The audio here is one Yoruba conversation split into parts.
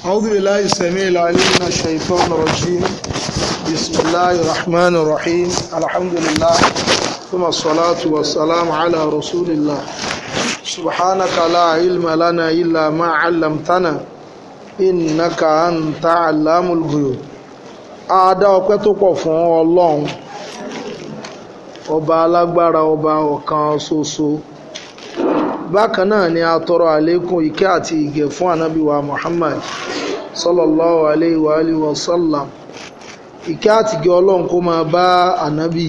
أعوذ بالله السميع العليم من الشيطان الرجيم بسم الله الرحمن الرحيم الحمد لله ثم الصلاة والسلام على رسول الله سبحانك لا علم لنا إلا ما علمتنا إنك أنت علام الغيوب àádá ọpẹ́ tó pọ̀ fún Ọlọ́run ọba alágbára ọba ọ̀kan ṣoṣo bákan náà ni a tọrọ àlékún ìkẹ́ àti ìgẹ̀ fún ànábì wa Muhammad sallallahu alayhi wa alihi wa sallam ìkẹ́ àti ìgẹ̀ ọlọ́run kó máa bá ànábì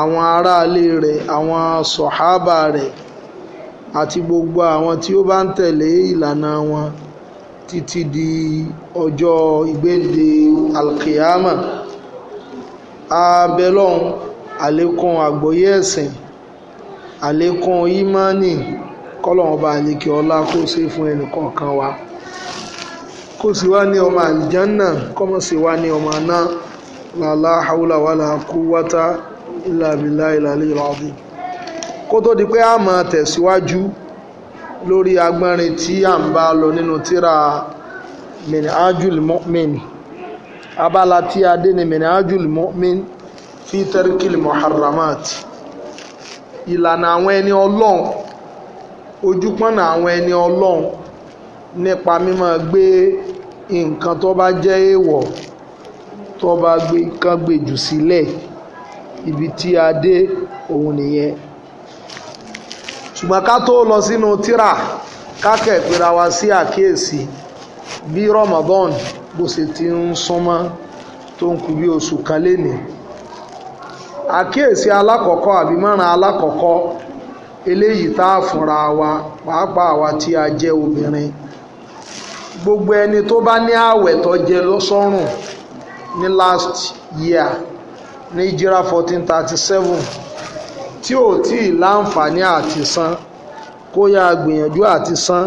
àwọn aráalé rẹ̀ àwọn sọ̀hábà rẹ̀ àti gbogbo àwọn tí ó bá ń tẹ̀lé ìlànà wọn títí di ọjọ́ ìgbéǹde alkiyama abẹ́lọ́hún àlékún àgbọ́yé ẹ̀sìn àlékún ìmánì kọ́lọ́run bá àlékè ọlá kó ṣe fún ẹnì kọ̀ọ̀kan wa kó sì wá ní ọmọ àlìjánà kọ́mọ̀ sì wá ní ọmọ aná làlá haúlà wàlà kú wátá ilà bìlà ilà lílà ọdún kó tó di pé a máa tẹ̀síwájú lórí agbọ́nrin tí à ń bá lọ nínú tíra minhajul mu'min abala tí a dé ní minhajul mu'min fi tarkil muharramat. ìlànà àwọn ẹni ọlọ́run ojúpọ́nà àwọn ẹni ọlọ́run nípa mímọ́ gbé nǹkan tó bá jẹ́ èèwọ̀ tó bá gbé kán gbé jù sílẹ̀ ibi tí a dé òun nìyẹn ṣùgbọ́n ká tó lọ sínú tírà kákẹ́ pera wa sí àkíyèsí bí Ramadan bó ṣe ti ń súnmọ́ tó ń kú bí oṣù kan lénìí àkíyèsí alákọ̀ọ́kọ́ àbí mọ́ràn alákọ̀ọ́kọ́ eléyìí tá a fúnra wa pàápàá àwa tí a jẹ́ obìnrin gbogbo ẹni tó bá ní ààwẹ̀ tó jẹ lọ́sọ́rùn ní last year ní ìjírá 1437 tí ò tí ì láǹfààní àti san kó yá gbìyànjú àti san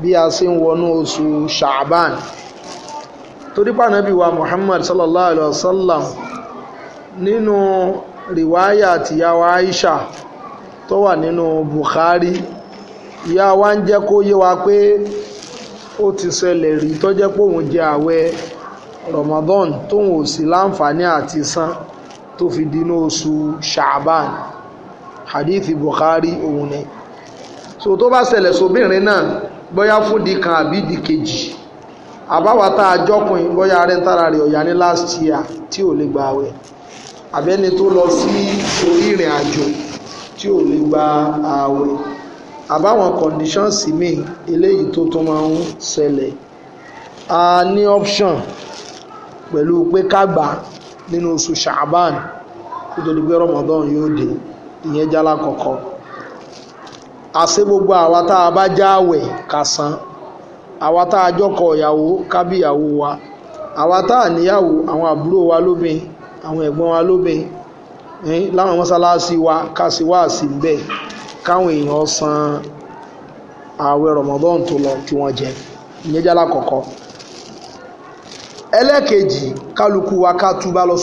bí a ṣe ń wọnú oṣù Sha'ban torípàá nàbí wa Muhammad sallallahu alayhi wa sallam nínú rìwáyà àtìyàwó Aisha tó wà nínú Bukhari ya wa ń jẹ́ kó yé wa pé ó ti ṣẹlẹ̀ rí tó jẹ́ pé òun jẹ ààwẹ̀ Ramadan tóun ò sí láǹfààní àti san tó fi dínú oṣù Sha'ban hadith Bukhari òun ni so tó bá ṣẹlẹ̀ sóbìnrin náà bóyá fún di kan àbí di kejì àbáwá tá a jọkùn bóyá rẹ́ńtàrà rẹ̀ ọ̀yá ní last year tí ò lè gbà wẹ̀ àbẹ́ni tó lọ sí orí ìrìn àjò tí ò lè gba ààwẹ̀ àbáwọn conditions mi eléyìí tó tó máa ń ṣẹlẹ̀ a ní option pẹ̀lú pé ká gbà nínú oṣù Sha'ban kó tó di pé Ramadan yóò dé ìyẹn jálá kọ̀kọ́ àṣẹ gbogbo àwa tá a bá jáwẹ̀ ká san àwa tá a jọkọ̀ ìyàwó ká wa àwa tá a níyàwó àwọn àbúrò wa lóbìn àwọn ẹ̀gbọ́n wa lóbe láwọn mọ́sálásí wa ká sí wá sí bẹ́ẹ̀ káwọn san ààwẹ̀ Ramadan tó lọ tí wọ́n jẹ ìyẹn kọ̀kọ́ ẹlẹ́ẹ̀kejì kálukú wa ká túbá lọ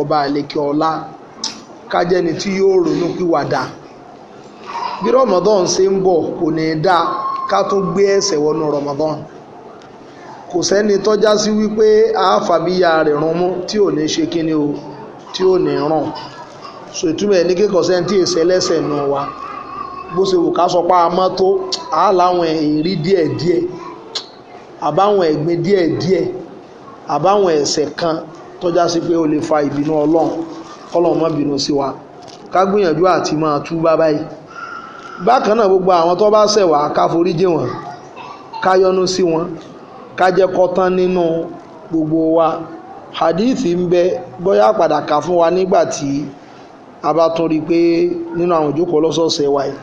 ọba àlekè ọlá tí yóò ronú pìwàdà Ramadan ṣe ń bọ̀ kò ní í dá ká kò sẹ́ni tọ́já sí wípé àáfàbíyà rẹ̀ rún mú tí ò ní ṣe kíni o tí ò ní ràn so ìtumọ̀ ẹ̀ ní kíkọ́ sẹ́ni tí èsì ẹlẹ́sẹ̀ nù wa bó ṣe wù ká sọ pé a mọ́ tó a láwọn èrí díẹ̀ díẹ̀ àbáwọn ẹ̀gbin díẹ̀ díẹ̀ àbáwọn ẹ̀ṣẹ̀ kan tọ́já sí pé ó lè fa ìbínú ọlọ́run kọ́lọ́run má bínú sí wa ká gbìyànjú àti máa tú bábá yìí bákan náà gbogbo àwọn tó bá ṣẹ̀ wá ká forí jì ká yọ́nú sí wọn ka kọ́tán nínú gbogbo wa hadith ń bẹ bóyá padà kà fún wa nígbà tí a bá tún rí pé nínú àwọn ìjókòó lọ́sọ̀ọ̀sẹ̀ wa yìí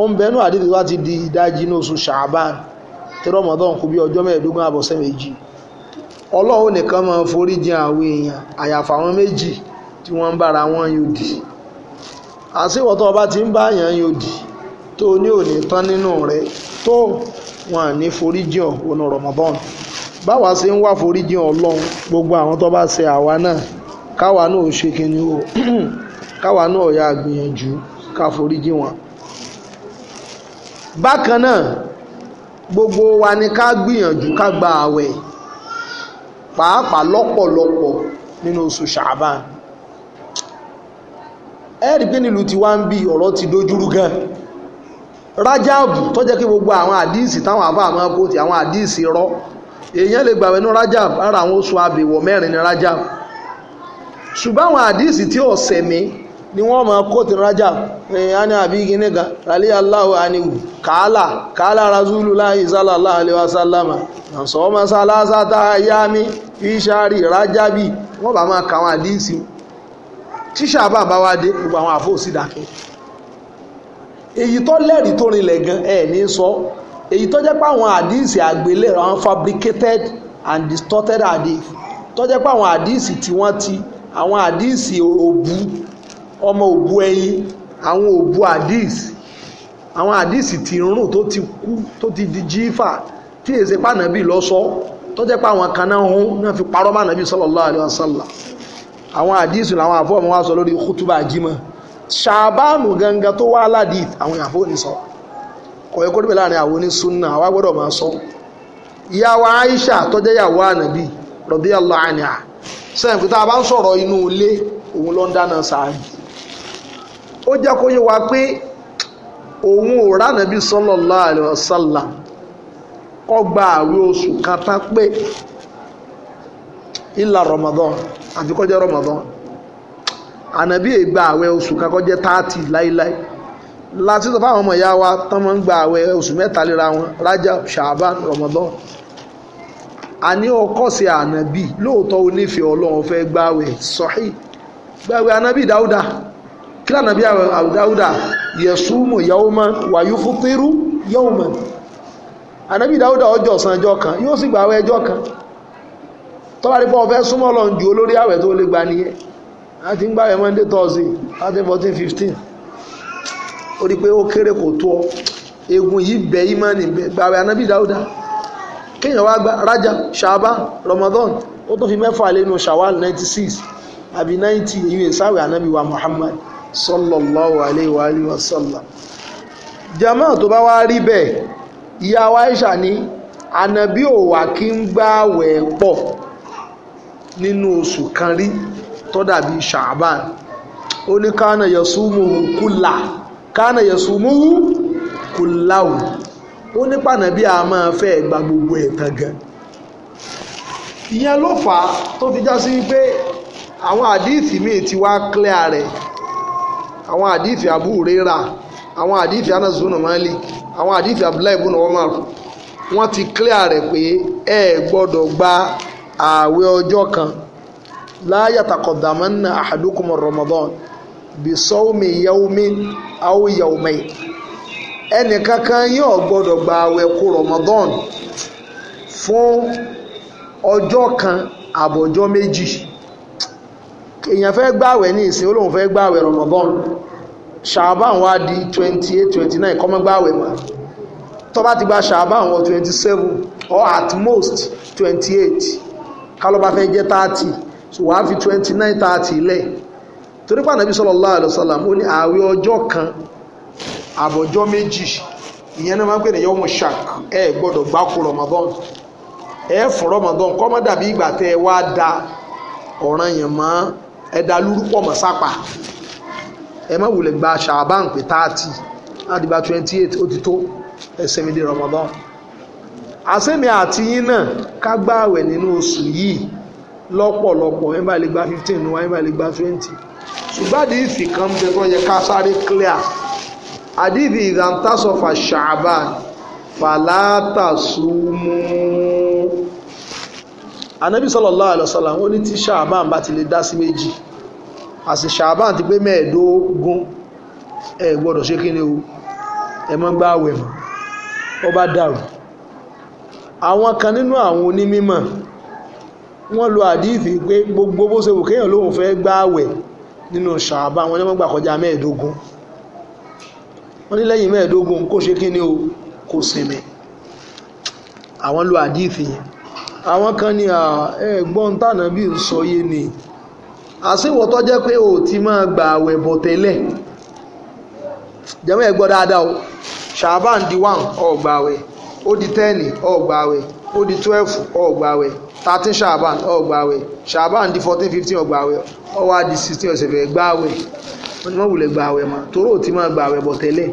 ó ń bẹnu hadith wa ti di ìdájí ní oṣù ṣàbán tí rọmọdán kù bí ọjọ́ mẹ́ẹ̀ẹ́dógún àbọ̀sẹ̀ méjì ọlọ́run nìkan máa forí jìn àwọn èèyàn àyàfà àwọn méjì tí wọ́n ń bára wọn yòdì ti ń bá àyàn yòdì tó ní òní tán nínú tó wọn à ní foríjì ọ̀ Ramadan báwa ṣe ń wá foríjì Ọlọ́run gbogbo àwọn tó bá ṣe àwa náà káwa náà ò ṣe kíni o káwa náà yà gbìyànjú ká foríjì wọn. bákan náà gbogbo wa ni ká gbìyànjú ká gba àwẹ̀ pàápàá lọ́pọ̀lọpọ̀ nínú oṣù Ṣàbán ẹ̀ẹ́dì pé nílùú tiwa ń bí ọ̀rọ̀ ti dojúrú gan rajab tó jẹ́ kí gbogbo àwọn àdíìsì táwọn àbá àmọ́ kó àwọn àdíìsì rọ èèyàn lè gbàwé ní ara àwọn oṣù àbẹ̀wọ̀ mẹ́rin ní rajab ṣùgbọ́n àwọn àdíìsì tí ọ̀sẹ̀ ni wọ́n máa kó ti rájáàbù ẹ̀yàn ní àbí igi níga rálí aláwọ̀ àníwù kàálà kàálà razúlù láì sálàlá àlewà sálámà sọ́mọ sálásátá yámi fíṣàrí rájábì wọ́n bá àdíìsì èyí tó lẹ́rìí tó rinlẹ̀ gan ẹ̀ ní sọ èyí tó jẹ́ pé àwọn àdíìsì àgbélẹ̀rọ àwọn fabricated and distorted hadith tó jẹ́ pé àwọn àdíìsì tí wọ́n ti àwọn àdíìsì òbu ọmọ òbu ẹyin àwọn òbu àdíìsì àwọn àdíìsì ti rún tó ti kú tó ti di jífà tí èsè pànàbí lọ sọ tó jẹ́ pé àwọn kan náà hún náà fi parọ́ mànàbí sallallahu alaihi wasallam àwọn àdíìsì làwọn àfọ́ ọmọ wa sọ lórí kútùbà jímọ̀ ṣàbánù gangan tó wá aládìí àwọn èèyàn fóònù sọ kọ̀wé kó débẹ̀ láàrin àwọn onísúnà àwa gbọ́dọ̀ máa sọ ìyàwó Aisha tó jẹ́ ìyàwó ànàbì radiyallahu anha sẹ́yìn pé tá a bá ń sọ̀rọ̀ inú ilé pé ànàbí ègbà àwẹ̀ oṣù kan kọjá táàtì láíláí láti sọ fáwọn ọmọ ìyá wa tán máa ń gba àwẹ̀ oṣù mẹ́ta léra wọn rájà ṣàbán rọmọdán àní ọkọ̀sẹ̀ ànàbí lóòótọ́ onífẹ̀ẹ́ ọlọ́run fẹ́ gbàwẹ̀ sọ́hí gbàwẹ̀ ànàbí dáúdà kí lànàbí àdáúdà yẹ̀súmù yawman wàyú fútírú yawman ànàbí dáúdà ọjọ́ ọ̀sán ẹjọ́ kan yóò sì gbàwẹ̀ ẹjọ́ kan tọ́wárí pé ó súnmọ́ ọlọ́run ju olórí àwẹ̀ tó lè gba nìyẹn láti ń gbàwẹ̀ monday thursday thirteen fourteen fifteen ó rí i pé ó kéré kò tó ọ egun yìí bẹ yìí máa ní bẹ gbàwẹ̀ anábì dáúdá kéèyàn wá gba raja ṣàbá ramadan ó tó fi mẹ́fà lẹ́nu shawal ninety six àbí ninety èyí ìsáwẹ̀ anábì wa muhammad sallallahu alayhi wa alayhi wa sallam jama tó bá wá rí bẹ́ẹ̀ ìyá wa aisha ní anábì ò wá kí ń gbàwẹ̀ pọ̀ nínú oṣù kan rí tó dàbí ṣàbán ó ní kánà yasumuhu kúlà kánà yasumuhu kúláwù ó ní pànàbí a máa fẹ́ gba gbogbo ẹ̀ tán gan ìyẹn ló fà á tó fi já sí wípé àwọn àdíìtì míì ti wá clear rẹ̀ àwọn àdíìtì Abu Huraira àwọn àdíìtì Anas ibn Malik àwọn àdíìtì Abdullahi ibn Umar wọ́n ti clear rẹ̀ pé ẹ gbọ́dọ̀ gba ààwẹ̀ ọjọ́ kan لا يتقدمن Ramadan رمضان بصوم yaomi aw يومين. ẹnì kankan yóò gbọ́dọ̀ gba àwẹ̀ kú Ramadan fún ọjọ́ kan àbọ̀jọ́ méjì èèyàn fẹ́ gbàwẹ̀ ní ìsìn olóhùn fẹ́ gbàwẹ̀ Ramadan ṣàbáwọn wá di 28 29 kọ́mọ́ gbàwẹ̀ mọ́ tó bá ti gba ṣàbáwọn 27 or at most 28 kálọ́bá fẹ́ jẹ́ 30 so wàá fi twenty nine thirty lẹ̀ torí pé ànábì sallallahu alaihi wasallam ó ní ààwẹ̀ ọjọ́ kan àbọ̀jọ́ méjì ìyẹn náà máa ń pè ní yọmọ shark ẹ gbọ́dọ̀ gbáko Ramadan ẹ fún Ramadan kọ́ má dàbí ìgbà tẹ́ ẹ wá da ọ̀ràn yẹn mọ́ ẹ da lúrúpọ̀ mọ́ sápà ẹ má wulẹ̀ gba ṣàbán pé thirty àdìbà twenty eight ó ti tó ẹ sẹ́mi dé Ramadan àsẹ́mi àti náà ká gbààwẹ̀ nínú oṣù yìí lọ́pọ̀lọpọ̀ ẹ bá lè gba fifteen wa ẹ bá lè gba twenty ṣùgbọ́n àdìsí kan ń bẹ tó yẹ ká sáré clear àdìsí ìdàntàsọ̀fà ṣàbàn fàlátàsúmú anabi sallallahu alaihi wasallam ó ní tí ṣàbàn bá ti lè dá sí méjì àti ṣàbàn ti pé mẹ́ẹ̀ẹ́dógún ẹ gbọ́dọ̀ ṣe kí ni o ẹ mọ́ gbá àwẹ̀ mọ́ ọ bá dàrú àwọn kan nínú àwọn onímọ̀ wọ́n lo àdífì pé gbogbo bó ṣe wù kéèyàn lóhun fẹ́ gbáwẹ̀ nínú ṣàbá wọn jọmọ́ gbà kọjá mẹ́ẹ̀ẹ́dógún wọ́n ní lẹ́yìn mẹ́ẹ̀ẹ́dógún kó ṣe kí ni o kò sinmi àwọn lo àdífì yẹn àwọn kan ní ẹ̀gbọ́n tànà bí ń sọ yé ni àsìwọ̀ tó jẹ́ pé o ti máa gbà bọ̀ tẹ́lẹ̀ o di one ó gbààwẹ̀ ó di ten ó ó di twelve ó gbààwẹ̀ thirteen shaban ọgbàwẹ̀ shaban di fourteen fifteen ọgbàwẹ̀ ọwọ́ adi sixteen ọ̀sẹ̀ fẹ̀ gbàwẹ̀ wọ́n ti máa wulẹ̀ gbàwẹ̀ mọ́ torí ò ti máa gbàwẹ̀ bọ̀ tẹ́lẹ̀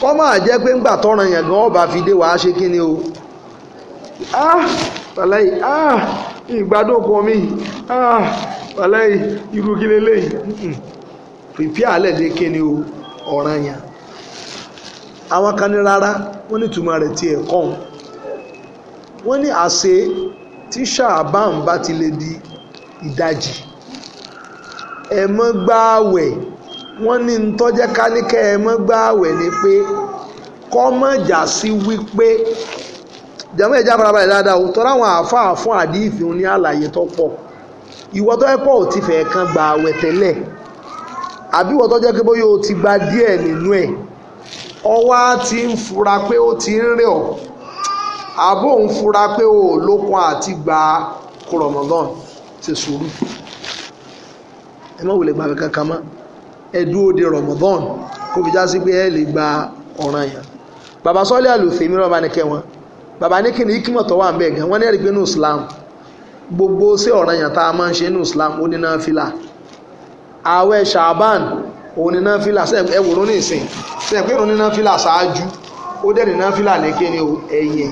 kọ́ máa jẹ́ pé ńgbà tọ́ran yẹn gan ọba fi dé wàá ṣe kí ni o ah wàláyé ah ìgbádùn kan mi ah wàláyé irú kí lélẹ́yìn prepare alẹ́ dé kí ni o ọ̀ràn yẹn àwọn kan ní rárá wọ́n ní ìtumọ̀ rẹ̀ tiẹ̀ kọ́ wọ́n ní àṣẹ tí ṣàbán bá ti lè di ìdajì ẹ mọ́ gbààwẹ̀ wọ́n ní ntọ́jẹ́ káníkẹ́ ẹ mọ́ gbààwẹ̀ ni pé kọ́mọ̀jà sí wípé jẹ́mọ́ ẹ̀já farabalẹ̀ dáadáa òótọ́ láwọn àáfàá fún àdíìfì ní àlàyé tó pọ̀ ìwọ tó ẹ̀pọ̀ ò ti fẹ́ kan gba àwẹ̀ tẹ́lẹ̀ àbí ìwọ tó jẹ́ pé bóyá o ti gba díẹ̀ nínú ẹ̀ ọwá ti ń fura pé ó ti ń rẹ̀ ọ́ àbò ń fura pé o ò lókun àti gba kùrọ̀mọ́dán ṣe sùúrù ẹ má wulẹ̀ gbàgbé kankan mọ́ ẹ dúró de rọ̀mọ́dán kó fi já sí pé ẹ lè gba ọ̀ràn yẹn bàbá sọ́lé àlùfẹ́ mi rọ́ọ̀bá ní kẹwọn bàbá ní kíni ikimọ̀ tó wà ń bẹ̀ gan wọ́n ní ẹ̀rí pé ní Islam gbogbo sí ọ̀ràn yẹn tá a máa ń ṣe ní Islam ó ní náfìlà ààwẹ̀ ṣàbán òun ní náfìlà ẹ̀wòrán ní ìsìn sẹ́yìn pé òun ní náfìlà ṣáájú ó dẹ̀ ní náfìlà ní kíni ẹ̀yìn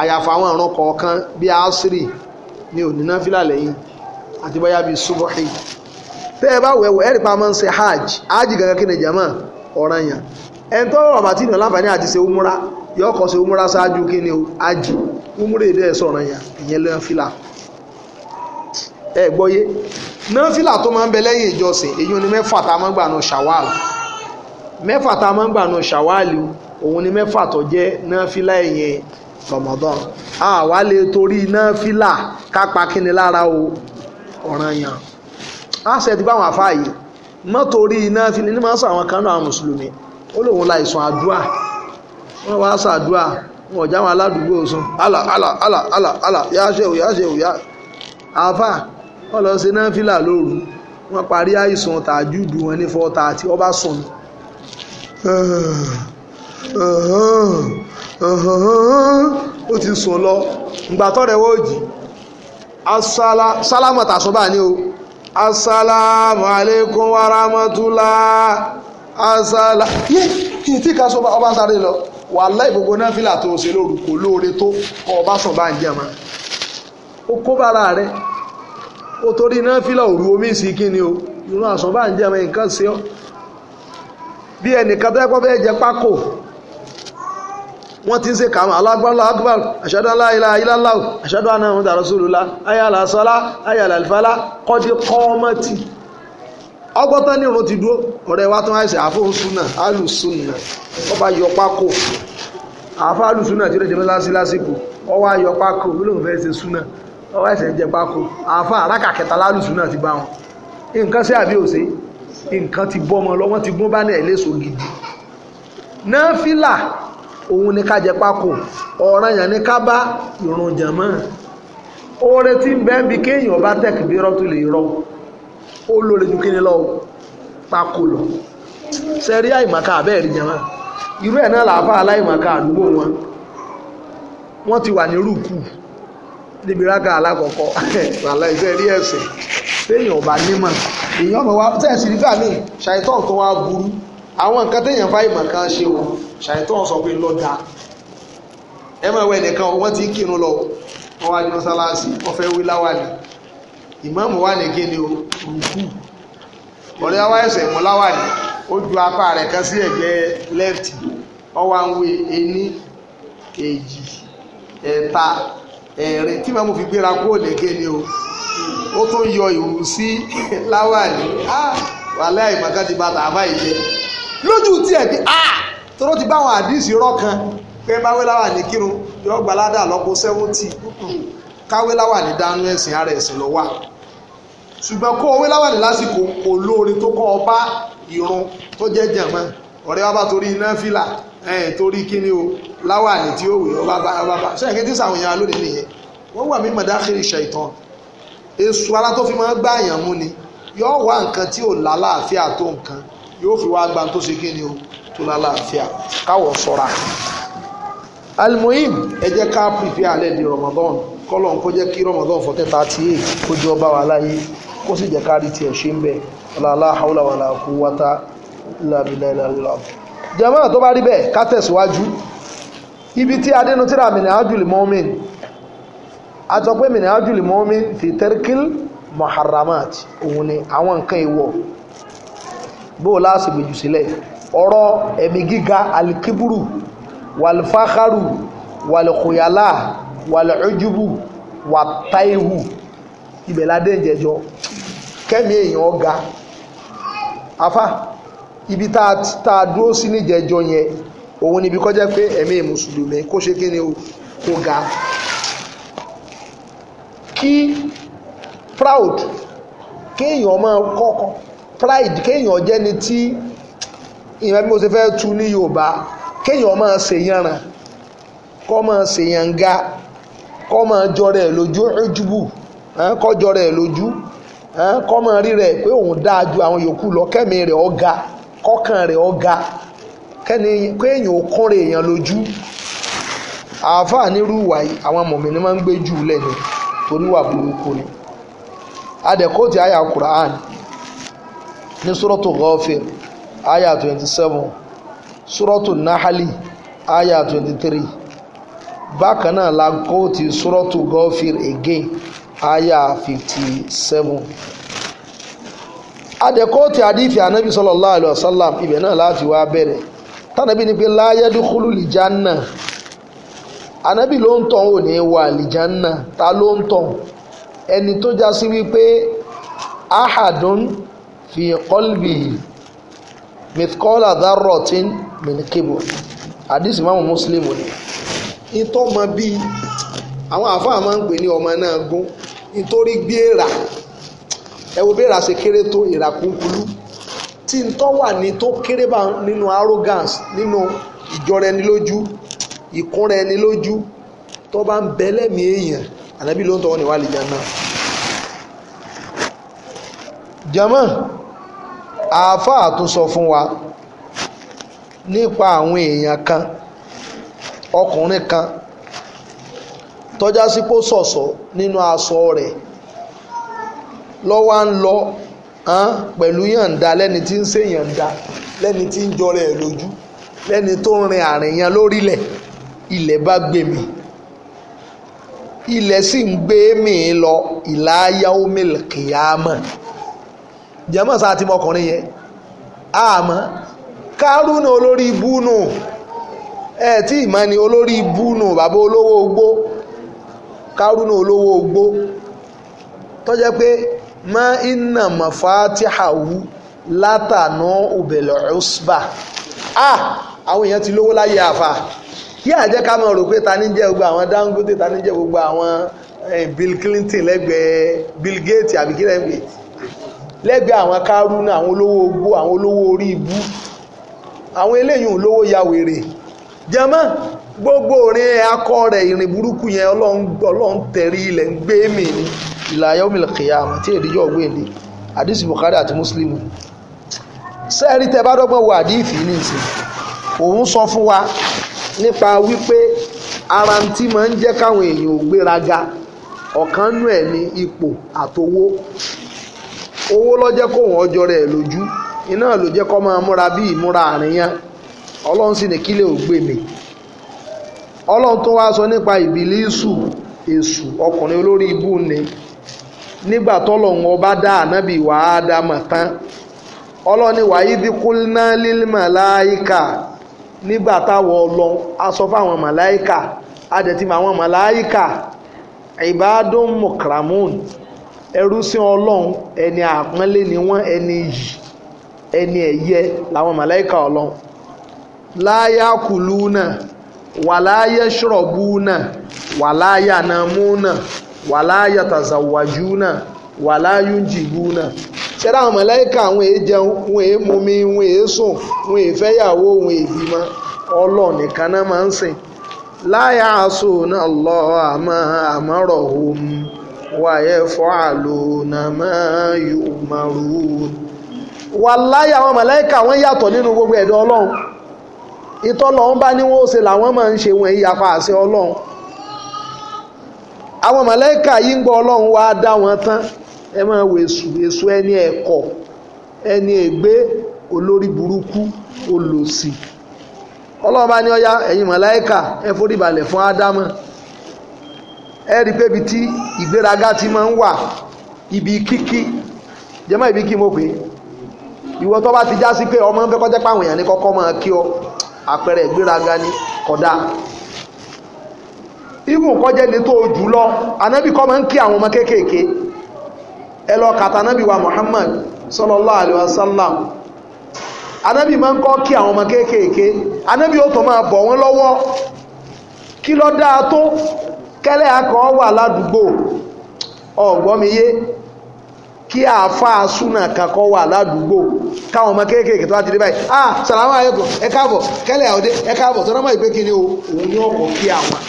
àyàfà àwọn àrùn kọ̀ọ̀kan asiri ni òníná fílà lẹ́yìn àti bóyá bíi subuhi tẹ́ ẹ bá wẹ̀wọ̀ ẹ̀rì pa máa ń hajj hajj gangan kí ni jama ọ̀ranyàn ẹni tó rọ̀ láǹfààní àti umura yóò kọ́ umura ṣáájú kí ni hajj umura ẹ gbọ́yé tó máa ń bẹ lẹ́yìn ìjọsìn èyí ni mẹ́fà tá a máa ń gbà nu ṣàwáàlì mẹ́fà tá a máa ń gbà nu ṣàwáàlì òun ni mẹ́fà tó jẹ́ Ramadan àwa lè torí náfìlà kápá kíni lára o ọ̀ranyàn àṣẹ ti bá àwọn àfáà yìí mọ́tòrí náfìlà ní máa ń sọ àwọn kan náà àwọn mùsùlùmí ó lóun la ìsùn àdúà wọ́n wá sàdúà wọn ò já wọn aládùúgbò sùn àlà àlà àlà àlà àlà yá ṣe òyà ṣe òyà àfáà wọ́n lọ ṣe náfìlà lóru wọ́n parí àìsàn tàjúdù wọn ní fọ́ tààtì ọba sùn ni. ó ti sùn lọ ìgbà tọ́rẹ̀ wọ́n asala sálámù tàṣọ́bà ni o asalaamu aleykum wa asala yé kí n tí ọba sáré lọ wàhálà ìgbogbo náà fìlà tó ṣe lórúkọ lóore tó ọba sùn ń jẹ ma ó kó bára rẹ torí náà fìlà omi sí kí o ń ma nǹkan ṣe ọ bí ẹnìkan tó wọ́n ti ń ṣe kàmú alágbọ́nlá akbar ashadu an la ilaha illallah ashadu anna muhammadan rasulullah ayala sọlá ayala alifala kọ́jí kọ́mọ́tì ọgbọ́tán ní irun ti dúró ọ̀rẹ́ wa tó ń ṣe àfọ̀nsúnà alùsùnà ọba yọ pákó àfọ alùsùnà tí ó lè jẹ́ lásì lásìkò ọwọ́ ayọ pákó ló lóun fẹ́ ṣe súnà ọwọ́ ẹ̀sẹ̀ ń jẹ pákó àfọ àràkà kẹta lálùsùnà ti bá wọn nǹkan òun ni ká jẹ pákó ọ̀ranyàn ni ká bá ìrun jàmọ́ oore tí ń bẹ́ẹ̀ bí kéèyàn bá tẹ̀kìbírọ́ tó lè rọ ó lóore ju kíni lọ pákó lọ sẹ́rí àìmọ̀ká àbẹ́ẹ̀rí jàmọ́ irú ẹ̀ náà làáfà aláìmọ̀ká àdúgbò wọn wọ́n ti wà ní níbi alákọ̀ọ́kọ́ àlọ́ rí téèyàn bá nímọ̀ èèyàn mọ̀ wá tẹ̀sí nígbà míì ṣàìtọ́ wá burú àwọn nǹkan téèyàn fáìmọ̀ kan ṣe ṣàìtọ́ sọ pé lọ́dà ẹ máa wẹ nìkan wọ́n ti kírun lọ wọ́n wá ní mọ́sálásí wọ́n fẹ́ wí láwàní ìmáàmù wà ní kíni o rùkú ọ̀rẹ́ wa ẹ̀sẹ̀ mú láwàní ó ju apá rẹ̀ kan sí ẹ̀gbẹ́ left ọwọ́ àwọn ení èjì ẹ̀ta ẹ̀rin tí màmú fi gbéra kúrò ní kíni o ó tó yọ ìrù sí láwàní ah! wàhálà ìmọ̀ká ti bàtà àbá ìjẹ lójú tí ẹ̀ bí tóró ti bá àwọn àdìsí rọ́kan pé báwé láwà ní kírun yọ gbà ládà lọ́pọ̀ sẹ́wọ́ntì káwé láwà ní dánú ẹ̀sìn ara ẹ̀sìn lọ́wà ṣùgbọ́n kó owé láwà ní lásìkò kò lóore tó kọ́ ọba ìrun tó jẹ́ jẹ̀mọ́ ọ̀rẹ́ wa bá torí iná fìlà ẹ̀ torí kíni o láwà ní tí ó wè ọba bá ọba bá ṣẹ́yìn kí tí sàwọn èèyàn lónìí nìyẹn wọ́n wà mí mọ̀dákìrì ṣàìtàn èso ara tó fi máa ń gbá àyàn mú ni yóò wá nǹkan tí ò lálàáfíà tó nǹkan yóò fi wá gba tó ṣe kíni o tó lálàáfíà káwọ̀ sọ́ra almuhim ẹ jẹ́ ká prepare alẹ́ di Ramadan kọ́lọ̀ ń kó jẹ́ kí Ramadan fourteen thirty eight kó jẹ́ ọba wa láyé kó sì jẹ́ ká rí tiẹ̀ ṣe ń bẹ̀ ọ̀làlá haúlà wàlà kú wátá lábìlà ìlàlúlà. jàmáà tó bá rí bẹ́ẹ̀ ká tẹ̀síwájú ibi tí adénútìrà mìíràn ájúlì mọ́mìn àtọ́pẹ́ mìíràn ájúlì mọ́mìn fi tẹ́rkìl muharramat òun ni àwọn nǹkan ìwọ̀ bó o láàṣì gbèjù sílẹ̀ ọ̀rọ̀ ẹ̀mí gíga alikiburu walfaharu walikoyala walijubu wataihu ibẹ̀ ládé ìjẹjọ kẹ́mi èèyàn ọ̀gá afá ibi tá a dúró sí níjẹjọ yẹn òun níbi kọjá pé ẹ̀mí mùsùlùmí kó ṣe kí ni kó ga kí proud kéèyàn máa kọ́kọ́ pride kéèyàn jẹ́ni tí ìyẹn bí mo ṣe fẹ́ tu ní Yorùbá kéèyàn se ṣe yànràn kọ́ máa ṣe yànga kọ́ máa jọrọ ẹ̀ lójú ojúbù kọ́ jọrọ ẹ̀ lójú kọ́ máa rí rẹ̀ pé òun dáa ju àwọn yòókù lọ kẹ́mi rẹ̀ ọ̀ga kọ́kàn rẹ̀ ọ̀ga kéèyàn ó kúnra èèyàn lójú àáfàá nírú ìwà yìí àwọn mọ̀mìnì máa ń gbé jù lẹ̀ ni ni adẹ̀kọ́tì aya twenty seven surọ́tù nahali aya twenty three bákan náà la kóòtù surọ́tù gọ́fìr again aya fifty seven adẹ́kọ́ọ̀tì àdìfẹ́ anabi sallallahu alayhi wa sallam ibẹ̀ náà láti wá bẹ̀rẹ̀ tànàbí ni pé láyé dúkúlù lìjánà anabi ló ń tàn ò ní wà lìjánà ta ló ń tàn ẹni tó já sí wípé ahadun fi qalbihi mithkola dharrotin minikebo àdìsí máàmù mùsùlùmù ni ìtọ́ ọmọ bíi àwọn àáfàá máa ń pè ní ọmọ náà gún nítorí gbé èrà ẹ wo bẹ́ẹ̀ rà ṣe kéré tó èrà kúkúlú tí n tọ́ wà ní tó kéré bá nínú arrogance nínú ìjọra ẹni lójú ìkúnra ẹni lójú tó bá ń bẹ lẹ́mìí èèyàn ànábì ló ń tọ́ wọn níwájú ìjà náà. jama àáfàá tún sọ fún wa nípa àwọn èèyàn kan ọkùnrin kan tọ́já sí pó sọ̀sọ̀ nínú aṣọ rẹ̀ lọ́wọ́ ń lọ pẹ̀lú yàǹda lẹ́ni tí ń ṣèyàǹda lẹ́ni tí ń jọrọ ẹ̀ lójú lẹ́ni tó ń rin àrìyàn lórílẹ̀ ilẹ̀ bá gbé mi ilẹ̀ sì ń gbé mi lọ ìlàyà omi kìyàmọ̀ jẹ́mọ̀ sáà ti mọ ọkùnrin yẹn àmọ́ kárùnà olórí búnù ẹ̀ tí ìmọ̀ ni olórí búnù bàbá olówó ogbó kárùnà olówó ogbó tọ́jẹ́ pé má iná mafatihahu látànà òbẹ̀lẹ̀ ọ̀sùbà ah àwọn èèyàn ti lówó láyé àfà kí àjẹ́ ká máa rò pé ta ní jẹ́ gbogbo àwọn Dangote ta ní jẹ́ gbogbo àwọn eh, Bill Clinton lẹ́gbẹ̀ẹ́ Bill Gates àbí lẹ́gbẹ̀ẹ́ lẹ́gbẹ̀ẹ́ àwọn kárúnà àwọn olówó ogbó àwọn olówó orí ibú àwọn eléyìí olówó ya wèrè jẹmọ́ gbogbo orin akọ rẹ̀ ìrìn burúkú yẹn ọlọ́run tẹ̀rí ilẹ̀ ń gbé mi ní ìlàyọ̀ mílíkìyà àmọ́ tí èdè yọ̀ gbé ní àdìsí Bukhari àti Muslim sẹ́ẹ̀rí tẹ́ bá dọ́gbọ́n wo àdìfì ní ìsìn òun sọ fún wa nípa wípé ara tí máa ń jẹ́ káwọn èèyàn ò gbéraga ọ̀kan nú ẹ̀ ní ipò àtowó owó lọ́jẹ́ kó wọ́n jọ rẹ̀ lójú iná ló jẹ́ kó máa múra bí ìmúra àríyá ọlọ́run sì ní kílẹ̀ ò gbé mi ọlọ́run tó wá sọ nípa ìbílísù èṣù ọkùnrin olórí ibú ni nígbà tọ́lọ́run ọba dá ànábì wà á dá mà tán ọlọ́run ní wàá yí díkúlná lílmàláìkà nígbà táwọn ọlọ́ aṣọ fáwọn màláìkà adẹ̀tí àwọn màláìkà ìbádùn mọ̀kàràmùn ẹrú sí ọlọ́run ẹni àpọ́nlé ni wọ́n ẹni yìí ẹni ẹ̀yẹ làwọn màláìka ọlọ́run láyà kùlú náà wàláyà ṣọ̀rọ̀bù náà wàláyà nàmú náà wàláyà tàzàwájú náà wàláyà jìbú náà ṣẹ́dá àwọn màláìka àwọn èé jẹun èé mumi wọn èé sùn wọn èé fẹ́yàwó wọn èé bímọ ọlọ́run nìkan náà máa ń sìn láyà Ama náà lọ́ọ́ wàyẹ̀fọ́àlùnà máa yóò márùn-ún wàláyé àwọn màláíkà wọ́n yàtọ̀ nínú gbogbo ẹ̀dọ́ ọlọ́run ìtọ́lọ̀un bá ní wọ́n ṣe làwọn ń se wọ́n ìyapa àṣẹ ọlọ́run àwọn ń gbọ́ ọlọ́run wá wọn tán ẹ wo ẹni ẹ̀kọ́ ẹni ègbé olórí burúkú ọlọ́run bá ní ẹ̀yin ẹ foríbalẹ̀ fún ádámọ̀ ẹ rí pé ibi tí ìgbéraga ti máa ń wà ibi kíkí Jema'i ibi kí mo pè ìwọ tó bá ti já sí pé ọmọ ń fẹ́ kọjá páwọn èèyàn ní kọ́kọ́ máa kí ọ àpẹẹrẹ ìgbéraga ni kódà ihu kọjá ni tó jù lọ anábì kọ́ máa ń kí àwọn ọmọ kéékèèké ẹ lọ kàtà wa Muhammad sallallahu alaihi wasallam anábì máa ń kọ́ kí àwọn ọmọ kéékèèké anábì ó tó máa bọ̀ wọ́n kẹ́lẹ́ akọ̀ wà ládùgbò ọ̀gbọ́miyé kí àáfàá súnà kankọ́ wà ládùgbò káwọn ọmọ kéékèèké tó bá ah sàlámà ayọ̀kọ̀ ẹ káàbọ̀ kẹ́lẹ́ ọ̀dẹ́ ẹ káàbọ̀ tọ́lá ni o òun ní ọkọ̀ kí àwọn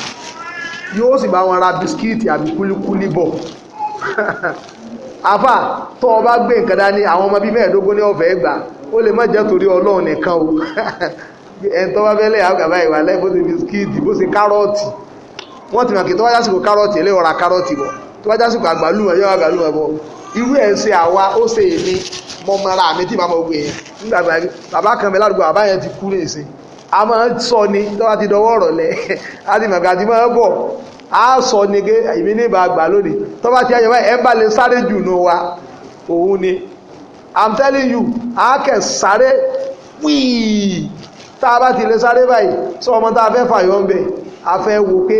yóò sì bá wọn ra bisikíìtì àbí kúlíkúlí bọ̀ tó gbé nǹkan dání àwọn ọmọ bíi mẹ́ẹ̀ẹ́dógún ní ọ̀fẹ́ ó lè má jẹ́ torí ọlọ́run nìkan o bá wọ́n ti mọ̀ kí tó bá jásìkò kárọ̀tì eléyìí ọ̀ra kárọ̀tì bọ̀ tó bá jásìkò àgbàlùmọ̀ yóò àgbàlùmọ̀ bọ̀ irú ẹ̀ ń ṣe àwa ó ṣe èmi mọ́ mara mi tí màmá ogun èèyàn nígbà gbà mí bàbá kan mi ládùúgbò bàbá yẹn ti kú ní ìsìn a máa ń sọ ni tó bá ti dọwọ́ ọ̀rọ̀ lẹ̀ á ti mọ̀gá ti máa ń bọ̀ á sọ ni pé èmi ní ìbá àgbà lónìí tó bá ti ẹyẹ báyìí ẹ bá lè sáré jù nù wa òun ni i'm telling you a kẹ̀ sáré wíì tá a bá ti lè sáré báyìí sọ ọmọ tá a fẹ́ fàyọ́ ń bẹ̀ a fẹ́ wo pé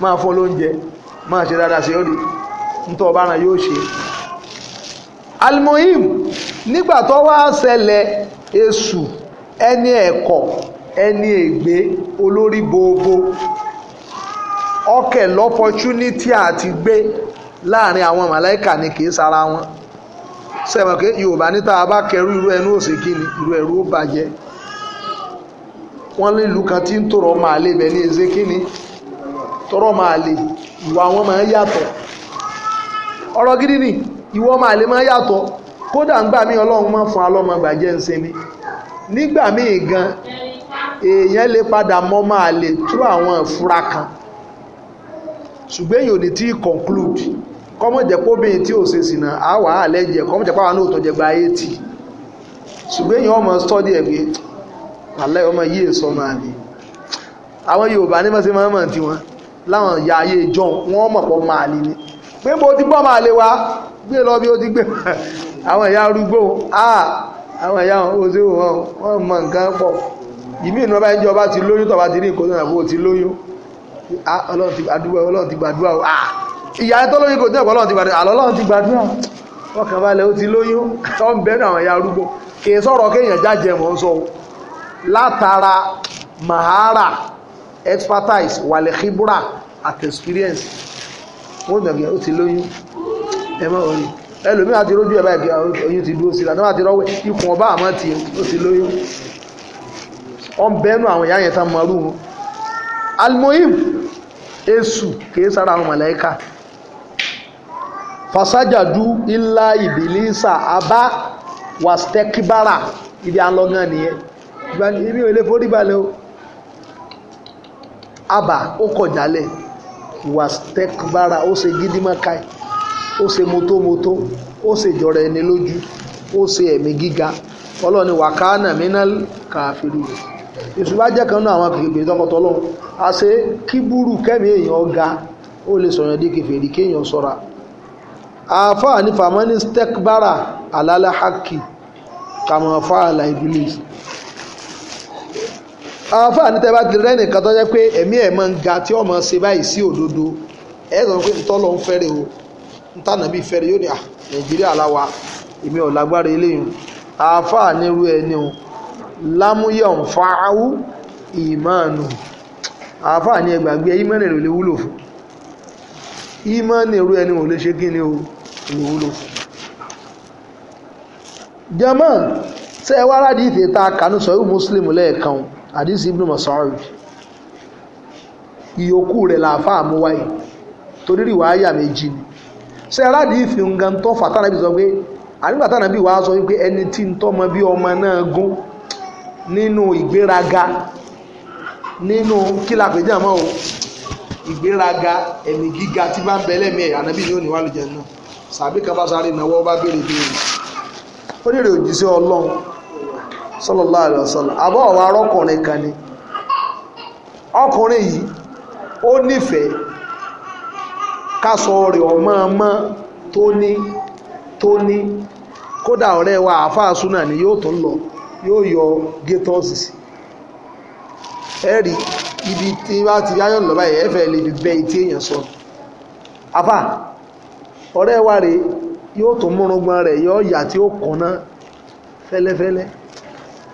maa fún lóúnjẹ máa ṣe dáadáa sí ọ́dí nítọ́ ọba náà yóò ṣe almohim nígbà tó wá ṣẹlẹ̀ èṣù ẹni ẹ̀kọ́ ẹni ègbé olórí gbogbo ọkẹ̀ lọ́pọ̀túnítì àti gbé láàrin àwọn màláìkà ni kì í sara wọn sẹ́wọ̀n pé yorùbá níta bá kẹrù irú ẹnu òsèkí ni irú ẹ̀rú ó bàjẹ́ wọ́n lè lù kan tí ń tòrọ̀ máa lè ní tọrọ máa lè ìwà wọn máa yàtọ̀ ọ̀rọ̀ gidi ni ìwọ máa lè máa yàtọ̀ kódà ń gbà mí ọlọ́run máa fún alọ́mọ gbàjẹ́ ń sinmi nígbà míì gan èèyàn lè padà mọ́ máa lè tú àwọn ìfura kan ò ní tí conclude kọ́mọ̀ jẹ́ póbìnrin tí ò ṣe sìnà á wà á lẹ́jẹ̀ kọ́mọ̀ jẹ́ pàwọn náà tó jẹ gba eighty ṣùgbọ́n èyàn ọmọ study ẹ̀ pé àlẹ́ ọmọ yìí máa láwọn ìyá ayé john wọ́n mọ̀ pọ̀ máa lè ní pé mo ti gbọ́ máa lè wá gbé lọ bí ó ti gbé àwọn ìyá arúgbó àwọn ìyá ò sí wọn wọ́n mọ̀ nǹkan pọ̀ ìmí ìnú ọba ìjọba ti lóyún tọ́ba ti rí nǹkan tó nàbó ti lóyún ọlọ́run ti gbàdúrà ọlọ́run ti gbàdúrà ìyá tó lóyún kò tí ọ̀pọ̀ ọlọ́run ti gbàdúrà àlọ́ ọlọ́run ti gbàdúrà ọkàn balẹ̀ ó ti lóyún tó ń bẹ́nu àwọn ìyá arúgbó kì í sọ̀rọ̀ kéèyàn jájẹ mọ́ sọ látara màhárà expertise wàlẹ̀ hibra at experience wọ́n gbàgbé ó ti lóyún ẹ má wọlé ẹlòmíràn ti rójú ẹ báyìí oyún ti dúró sí i àtàwọn àti rọwẹ ikùn ọba àmọ́ ti ó ti lóyún ọ ń bẹnu àwọn ìyá yẹn tán mọ ọrú wọn almohim Èṣù kìí sára àwọn mọlẹ́ka fasajadu ilá ìbílísà abá wàstẹkibara ibi alọgán nìyẹn ibi ò lè forí balẹ̀ o. abà ó kọ̀ jálẹ̀ wàstekbara ose ṣe gídímọ̀káì ó ṣe motomoto ó ṣe jọra ẹni lójú ó ṣe ẹ̀mí gíga ọlọ́ni wàkánà mínal kàfìrí ìṣùgbọ́n jẹ́ kan náà àwọn kìfèrè tọkọtọ lọ a ṣe kíbúrú kẹ́mi èèyàn ga ó lè sọ̀rọ̀ dé kìfèrè kéèyàn sọ́ra àáfàá ní famani stekbara alálàhàkì kàmọ́fà àlà ìbílẹ̀ Afa fáàní tẹ́ bá ti rẹ́ nìkan tó jẹ́ pé ẹ̀mí ẹ̀ máa ń ga tí ọmọ ṣe báyìí sí òdodo ẹ̀ sọ pé ntọ́lọ́ ń fẹ́rẹ̀ o ntànà bíi fẹ́rẹ̀ yóò ní à nàìjíríà láwa èmi ò lágbára eléyìí àáfàá nírú ẹni o lámúyàn fááwú ìmánu àáfàá ní ẹgbàgbé ìmánì rẹ̀ ò lè wúlò fún ìmánì rú ẹni ò lè ṣe kí ni o lè wúlò fún. german ṣe wá rádìí ìfẹ́ ta kànú sọ̀rọ̀ muslim lẹ́ẹ̀kan o àdísì ibn Mas'ud ìyókù rẹ̀ làáfàá mú wáyé torí rí wáyà méjì ni ṣe aráàdì ìfihàn gan tó fà tánàbí sọ pé àrígbà tánàbí wàá sọ wípé ẹni tí ń tọ́mọ bí ọmọ náà gún nínú ìgbéraga nínú kílà péjà mọ́ o ìgbéraga ẹ̀mí gíga tí bá ń bẹ lẹ́mí ẹ̀ ànábì ní òní wà lójẹ náà sàbí kan bá sáré ìnáwó bá béèrè béèrè ó lè rè òjíṣẹ́ ọlọ́run sallallahu àbọ̀ ọ̀wá arọ́kùnrin kan ni ọkùnrin yìí ó nífẹ̀ẹ́ kásọ rẹ̀ ọmọ ọmọ ní kódà ọ̀rẹ́ wa àáfàá ni yóò tó lọ yóò yọ gétọ́ọ̀sì ibi tí wá ti yáyọ̀ ẹ̀fẹ̀ lè bẹ èèyàn sọ ọ̀rẹ́ wa rẹ̀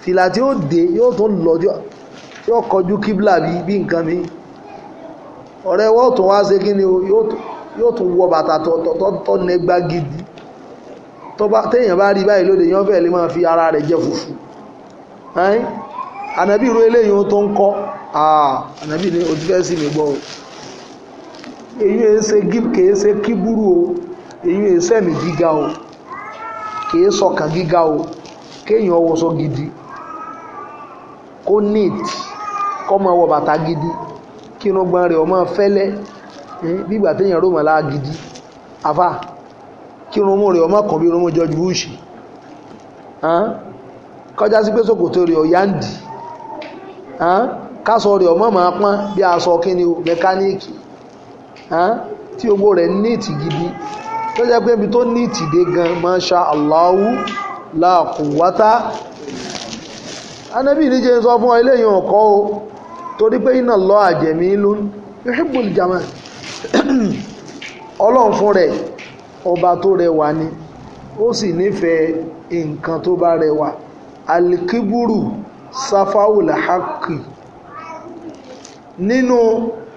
fìlà tí ó dé yóò tún lọ́jọ́ yóò kọjú kíbla bí nǹkan mi ọ̀rẹ́ wọ́n tún wá ṣe kí ni yóò tún wọ bàtà tó nẹgbà gidi téèyàn bá rí báyìí lóde yán fẹ́ẹ̀ lè máa fi ara rẹ̀ jẹ fùfù ànàbí irú eléyìí tó ń kọ́ ànàbí ni o ti fẹ́ sí mi gbọ́ o èyí èsè kìí ṣe kíbúrú o èyí èsè mi gíga o kìí sọkàn gíga o kéèyàn ọwọ́sọ gidi kó neat kó máa wọ bàtà gidi kí inú gbọ́n rẹ̀ ó máa fẹ́lẹ́ bí ìgbà téèyàn ròmọ̀ láà gidi àfà kí irun mú rẹ̀ ó máa kàn bí irun mú George Bush kọjá sí pé ṣòkòtò rẹ̀ ó yáǹdì kásọ rẹ̀ ó máa pọ́n bí aṣọ kíni o mẹkáníìkì tí owó rẹ̀ neat gidi tó jẹ́ pé ibi tó neat dé gan masha Allahu la quwwata anábì ní jẹ́ sọ fún eléyìí ọ̀kọ́ o torí pé iná lọ àjẹ̀mí ló ń hibbul jama ọlọ́run fún rẹ̀ ọba tó rẹwà ni ó sì nífẹ̀ẹ́ nǹkan tó bá rẹwà alikiburu safawul haki nínú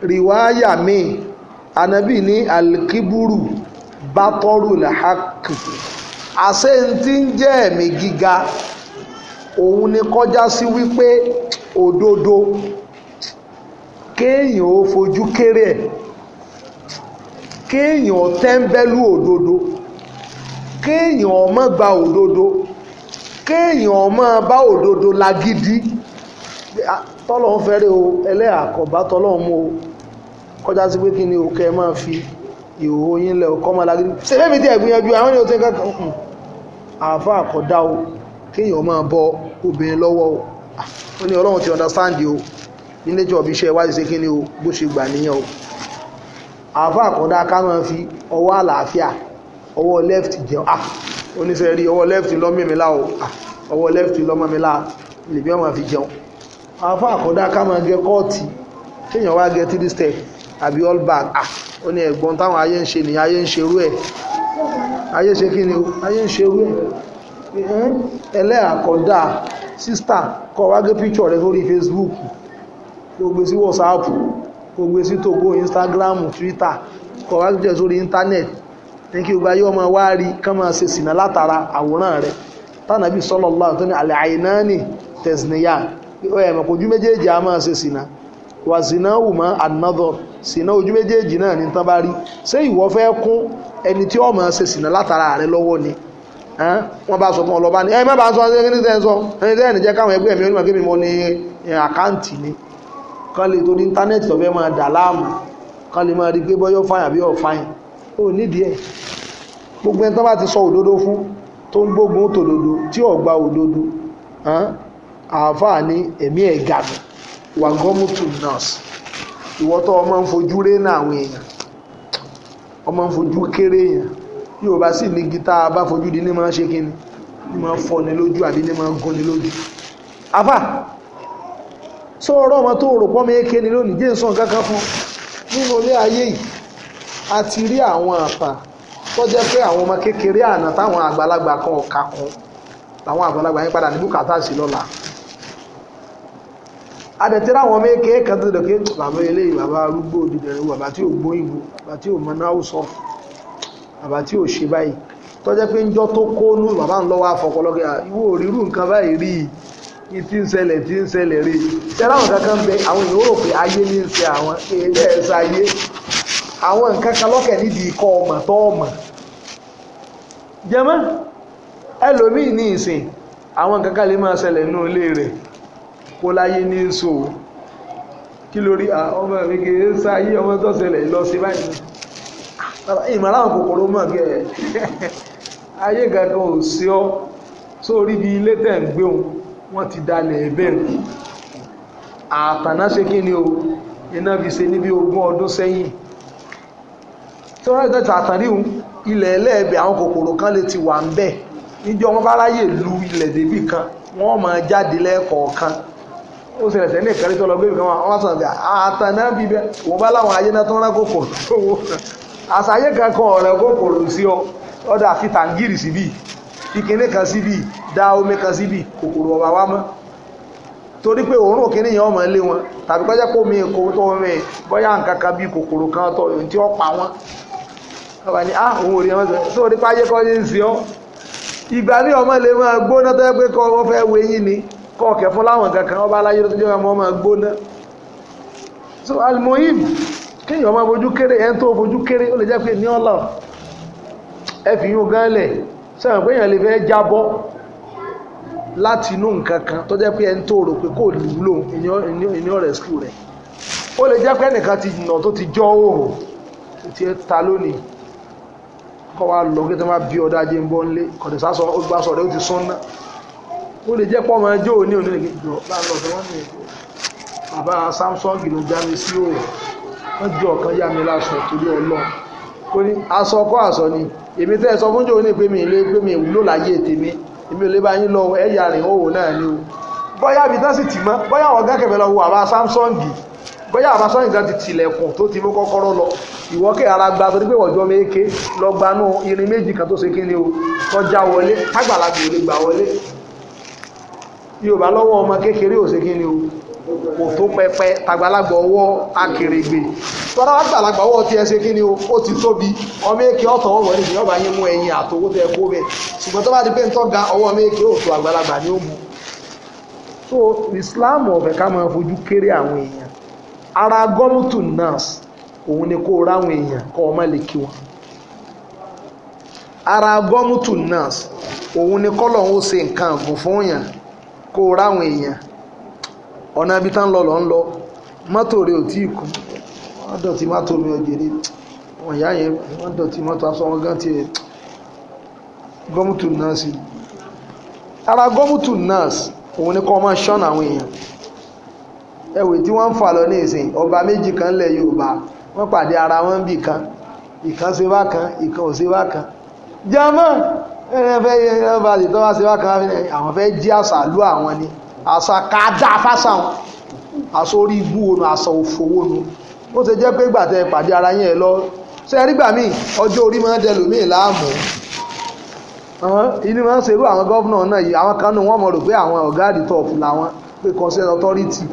riwaya mi anábì ní alikiburu bátọ́rù làhákì àṣẹ ń ti ń jẹ́ òun ni kọjá sí wípé òdodo kéèyàn ó fojú kéré ẹ̀ kéèyàn ó tẹ́ńbẹ́lú òdodo kéèyàn ó má gba òdodo kéèyàn ó má bá òdodo lágídí tọ́lọ́hún fẹ́rẹ́ o ẹlẹ́yà àkọ́bá tọ́lọ́hún mú o kọjá sí pé kí ni òkè máa fi ìhòòhò yín lẹ̀ ọkọ́ máa lágídí ṣe fẹ́mi tí ẹ̀gbìyànjú àwọn ènìyàn tó ń kankan àáfà àkọ́dá o kéèyàn máa bọ́ ọ obìnrin lọ́wọ́ o ó ah, ní ọlọ́run ti understand o nílé tí ọ̀bí iṣẹ́ wáyé ṣe kí ni o bó ṣe gbà níyàn o àfa àkọ́dá ká máa fi ọwọ́ àlàáfíà ọwọ́ left jẹun ah oníṣẹ́ rí ọwọ́ left lọ́mìmílá o ah ọwọ́ left lọ́mọ́mílá lèmi ọmọ fi jẹun àfa àkọ́dá ká máa gẹ kọ́ọ̀tì kéèyàn wá gẹ three step àbí all back ah ó ní ẹ̀gbọ́n táwọn ayé ń ṣe nìyẹn ayé ń ṣerú ẹ̀ ayé ṣe kí ni o ayé ń ṣerú ẹ̀ ẹlẹ́àkọ́dà sísítà kọ́ wá gé píchọ̀ rẹ sórí Facebook kó gbé sí WhatsApp kó gbé sí togo Instagram Twitter kọ́ wá gé sórí internet ní kí gbogbo ayé ọmọ wa rí kán máa ṣe sìnà látara àwòrán rẹ tánàbí sọlọ́lá tó ní àlẹ́ àìnáàní tẹ̀sìnìyà ẹ̀mọ̀ ojú méjèèjì a máa ṣe sìnà wà sìnà wùmọ́ another sìnà ojú méjèèjì náà ní tán bá rí ṣé ìwọ fẹ́ kún ẹni tí ó ṣe sìnà látara rẹ lọ́wọ́ ni wọ́n bá sọ fún ọlọ́ba baa ẹ má bá sọ ẹni tẹ́ sọ ẹni tẹ́ káwọn ẹgbẹ́ mi ní àkáǹtì ni lè íńtánẹ́ẹ̀tì máa dà lè máa rí sọ òdodo fún tó ń gbógun tòdodo tí gba òdodo àáfàá ẹ̀mí ẹ̀ wà nọ́ọ̀sì ìwọ́tọ̀ ọmọ ń fojú àwọn èèyàn ọmọ ń fojú yóò bá sì ní gita bá fojú di ní máa ṣe kí ni ní máa fọ́ ni lójú àbí ní máa gún ni lójú afá sọ ọ̀rọ̀ ọmọ tó rò pọ́n méèké ni lónìí jésù kankan fún nínú ilé ayé yìí a ti rí àwọn àpà tó jẹ́ pé àwọn ọmọ kékeré àná táwọn àgbàlagbà kan ọ̀ka kan làwọn àgbàlagbà yẹn padà ní bùkátà sí lọ́la adẹ̀tẹ́rẹ́ àwọn ọmọ èké kan tó dẹ̀ pé bàbá eléyìí bàbá arúgbó òdìdẹ̀rẹ̀ bàbá tí ò gbóyìnbó bàbá ò mọ náà ó bàbá tí ò ṣe báyìí tọ́jẹ́ pé ńjọ́ tó kó nú bàbá ń lọ́wọ́ afọkọlọ́gẹ́ ìwọ òrírù nǹkan báyìí rí i tí ń ṣẹlẹ̀ tí ń ṣẹlẹ̀ rí i tẹ́lá àwọn kankan bẹ àwọn èèyàn rò pé ayé ní ń ṣe àwọn èèyàn ẹ̀ ṣayé àwọn nǹkan kan lọ́kẹ̀ nídìí ikọ̀ ọmọ tó ọmọ jẹmọ́ ẹlòmíì ní ìsìn àwọn nǹkan kan lè máa ṣẹlẹ̀ nínú ilé rẹ̀ kó láyé ní ń ṣòwò kí lórí ọmọ mi kì í ṣayé ọmọ tó ṣẹlẹ̀ lọ sí báyìí ìmọ̀lá àwọn kòkòrò mọ̀ kí ẹ̀ ayé gàgà ò sí ọ́ sórí ibi ilé tẹ̀ ń gbé òun wọ́n ti dalẹ̀ ẹ̀bẹ̀rẹ̀ àtàná ṣe kí ni o iná fi ṣe níbi ogún ọdún sẹ́yìn tí wọ́n rẹ̀ tàtàrí òun ilẹ̀ ẹlẹ́ẹ̀bẹ̀ àwọn kòkòrò kan lè ti wà ń bẹ̀ níjọ́ wọn bá ráyè lu ilẹ̀ débì kan wọ́n máa jáde lẹ́ẹ̀kọ̀ọ̀kan ó ṣẹlẹ̀ sẹ́ni ìkàrí tó lọ gbé ibìkan wọn wá sàn bí àtàná bíbẹ́ òun bá láwọn ayé náà tó ń rákòkò àṣàyẹ kankan ọ̀rẹ́ kòkòrò sí ọ ọdọ àfi tàǹgìrì síbí ìkíní kan kan síbí kòkòrò ọ̀bà wá mọ́ torí pé òórùn kíní yẹn ọmọ ilé wọn tàbí kọjá pé omi tó bí kòkòrò kan tí ó pa wọn ọba ni ah òun ò rí sọ tó o ní páyé kọ́ yé ń ìgbà ní ọmọ ilé gbóná tó yẹ pé kọ́ ọ fẹ́ wé yín ni kọ́ ọ̀kẹ́ fún láwọn kankan ọba aláyé tó jẹ́ ọmọ gbóná so kéèyàn máa fojú kéré ẹni tó fojú kéré ó lè jẹ́ pé ní ọ̀la ẹ fi yún gan lẹ̀ sẹ́wọ̀n pé èèyàn lè fẹ́ jábọ́ láti inú nǹkan kan tó jẹ́ pé ẹni tó rò pé kò lè wúlò ènìyàn rẹ̀ skul rẹ̀ ó lè jẹ́ pé ẹnìkan ti nà tó ti jọ́ òhò ti ta lónìí kọ́ wa lọ kí tó máa bí ọ̀dá ajé ń bọ́ nílé kọ̀dẹ̀ sásọ ó gbà sọ̀rọ̀ ó ti sún ná ó lè jẹ́ pọ́ ọmọ ẹjọ́ òní òní lè jọ láàrín ọ̀dọ́ ní ẹjọ́ bàbá Samsung ló já mi sí òhò wọ́n ju ọ̀kan yá mi láṣọ torí ọlọ́run ó ní aṣọ kọ́ aṣọ ni èmi tẹ́ ẹ sọ fún jòhóní pé mi ìlé pé mi ìwúlò láyé tèmi èmi ò lè bá yín lọ ẹ̀yà rìn òwò náà ni o bóyá bí tán sì tì mọ́ bóyá ọ̀gá kẹfẹ́ lọ wo àwa Samsung bóyá àwa Samsung kan ti tilẹ̀kùn tó ti mú kọ́kọ́rọ́ lọ ìwọ́kẹ́ ara gba torí pé ọjọ́ méje lọ gbanú irin méjì kan tó ṣe kí ni o tọ́já wọlé tágbàlagbè ò lè gbà wọlé Yorùbá lọ́wọ́ ọmọ kékeré ò kò tó pẹpẹ tàgbàlagbà ọwọ́ akèrègbè tọ́lá wàá tàgbàlagbà ọwọ́ tí ẹ ṣe kí ni o ó ti tóbi ọmọ èké ọ̀tọ̀ ọwọ́ ní ìyọ́bà yín mú ẹyin àtòwó tẹ kó bẹ̀ ṣùgbọ́n tó bá di pé ń tọ́ga ọwọ́ ọmọ èké òtò àgbàlagbà ni ó mu so Islam ọ̀fẹ́ ká máa fojú kéré àwọn èèyàn ara gọ́mùtù nurse òun ni kó ráwọn èèyàn kọ́ ọmọ lè kí wọn ara gọ́mùtù nurse òun ni kọ́lọ̀ ń ṣe nǹkan àgùn fún èèyàn kó ráwọn èèyàn ọ̀nà ibi tá ń lọ lọ ń lọ mọ́tò rẹ ò tí ì kún wọ́n dọ̀tí mọ́tò mi ọ̀jẹ̀rẹ̀ wọ́n yá yẹn wọ́n dọ̀tí mọ́tò aṣọ wọn gan tiẹ̀ gọ́mùtù nọ́ọ̀sì ara gọ́mùtù nọ́ọ̀sì òun ni kọ́ máa ṣọ́nà àwọn èèyàn ẹ̀wẹ̀ tí wọ́n ń fà lọ ní ọba méjì kan lẹ̀ Yorùbá wọ́n pàdé ara wọn bì kan ìkan ṣe bá kan ìkan ò ṣe bá kan jama ẹ̀rẹ́ fẹ́ yẹ ẹ̀rẹ́ fẹ́ yẹ ẹ̀rẹ́ fẹ́ yẹ ẹ̀rẹ́ fẹ́ yẹ àwọn fẹ́ jí àṣà lú àwọn ni àṣà káàdá fásáhùn àṣà orí ibú wonu àṣà òfò wonu ó ṣe jẹ́ pé gbàtẹ́ pàdé ara yín ẹ lọ ṣe rí gbà míì ọjọ́ orí máa ń dẹlòmíì láàmú inú máa ń ṣerú àwọn gọ́vnà náà yìí àwọn kan nù wọ́n mọ̀ rò pé àwọn ọ̀gá àdìtọ̀ọ̀fù làwọn pé consent authority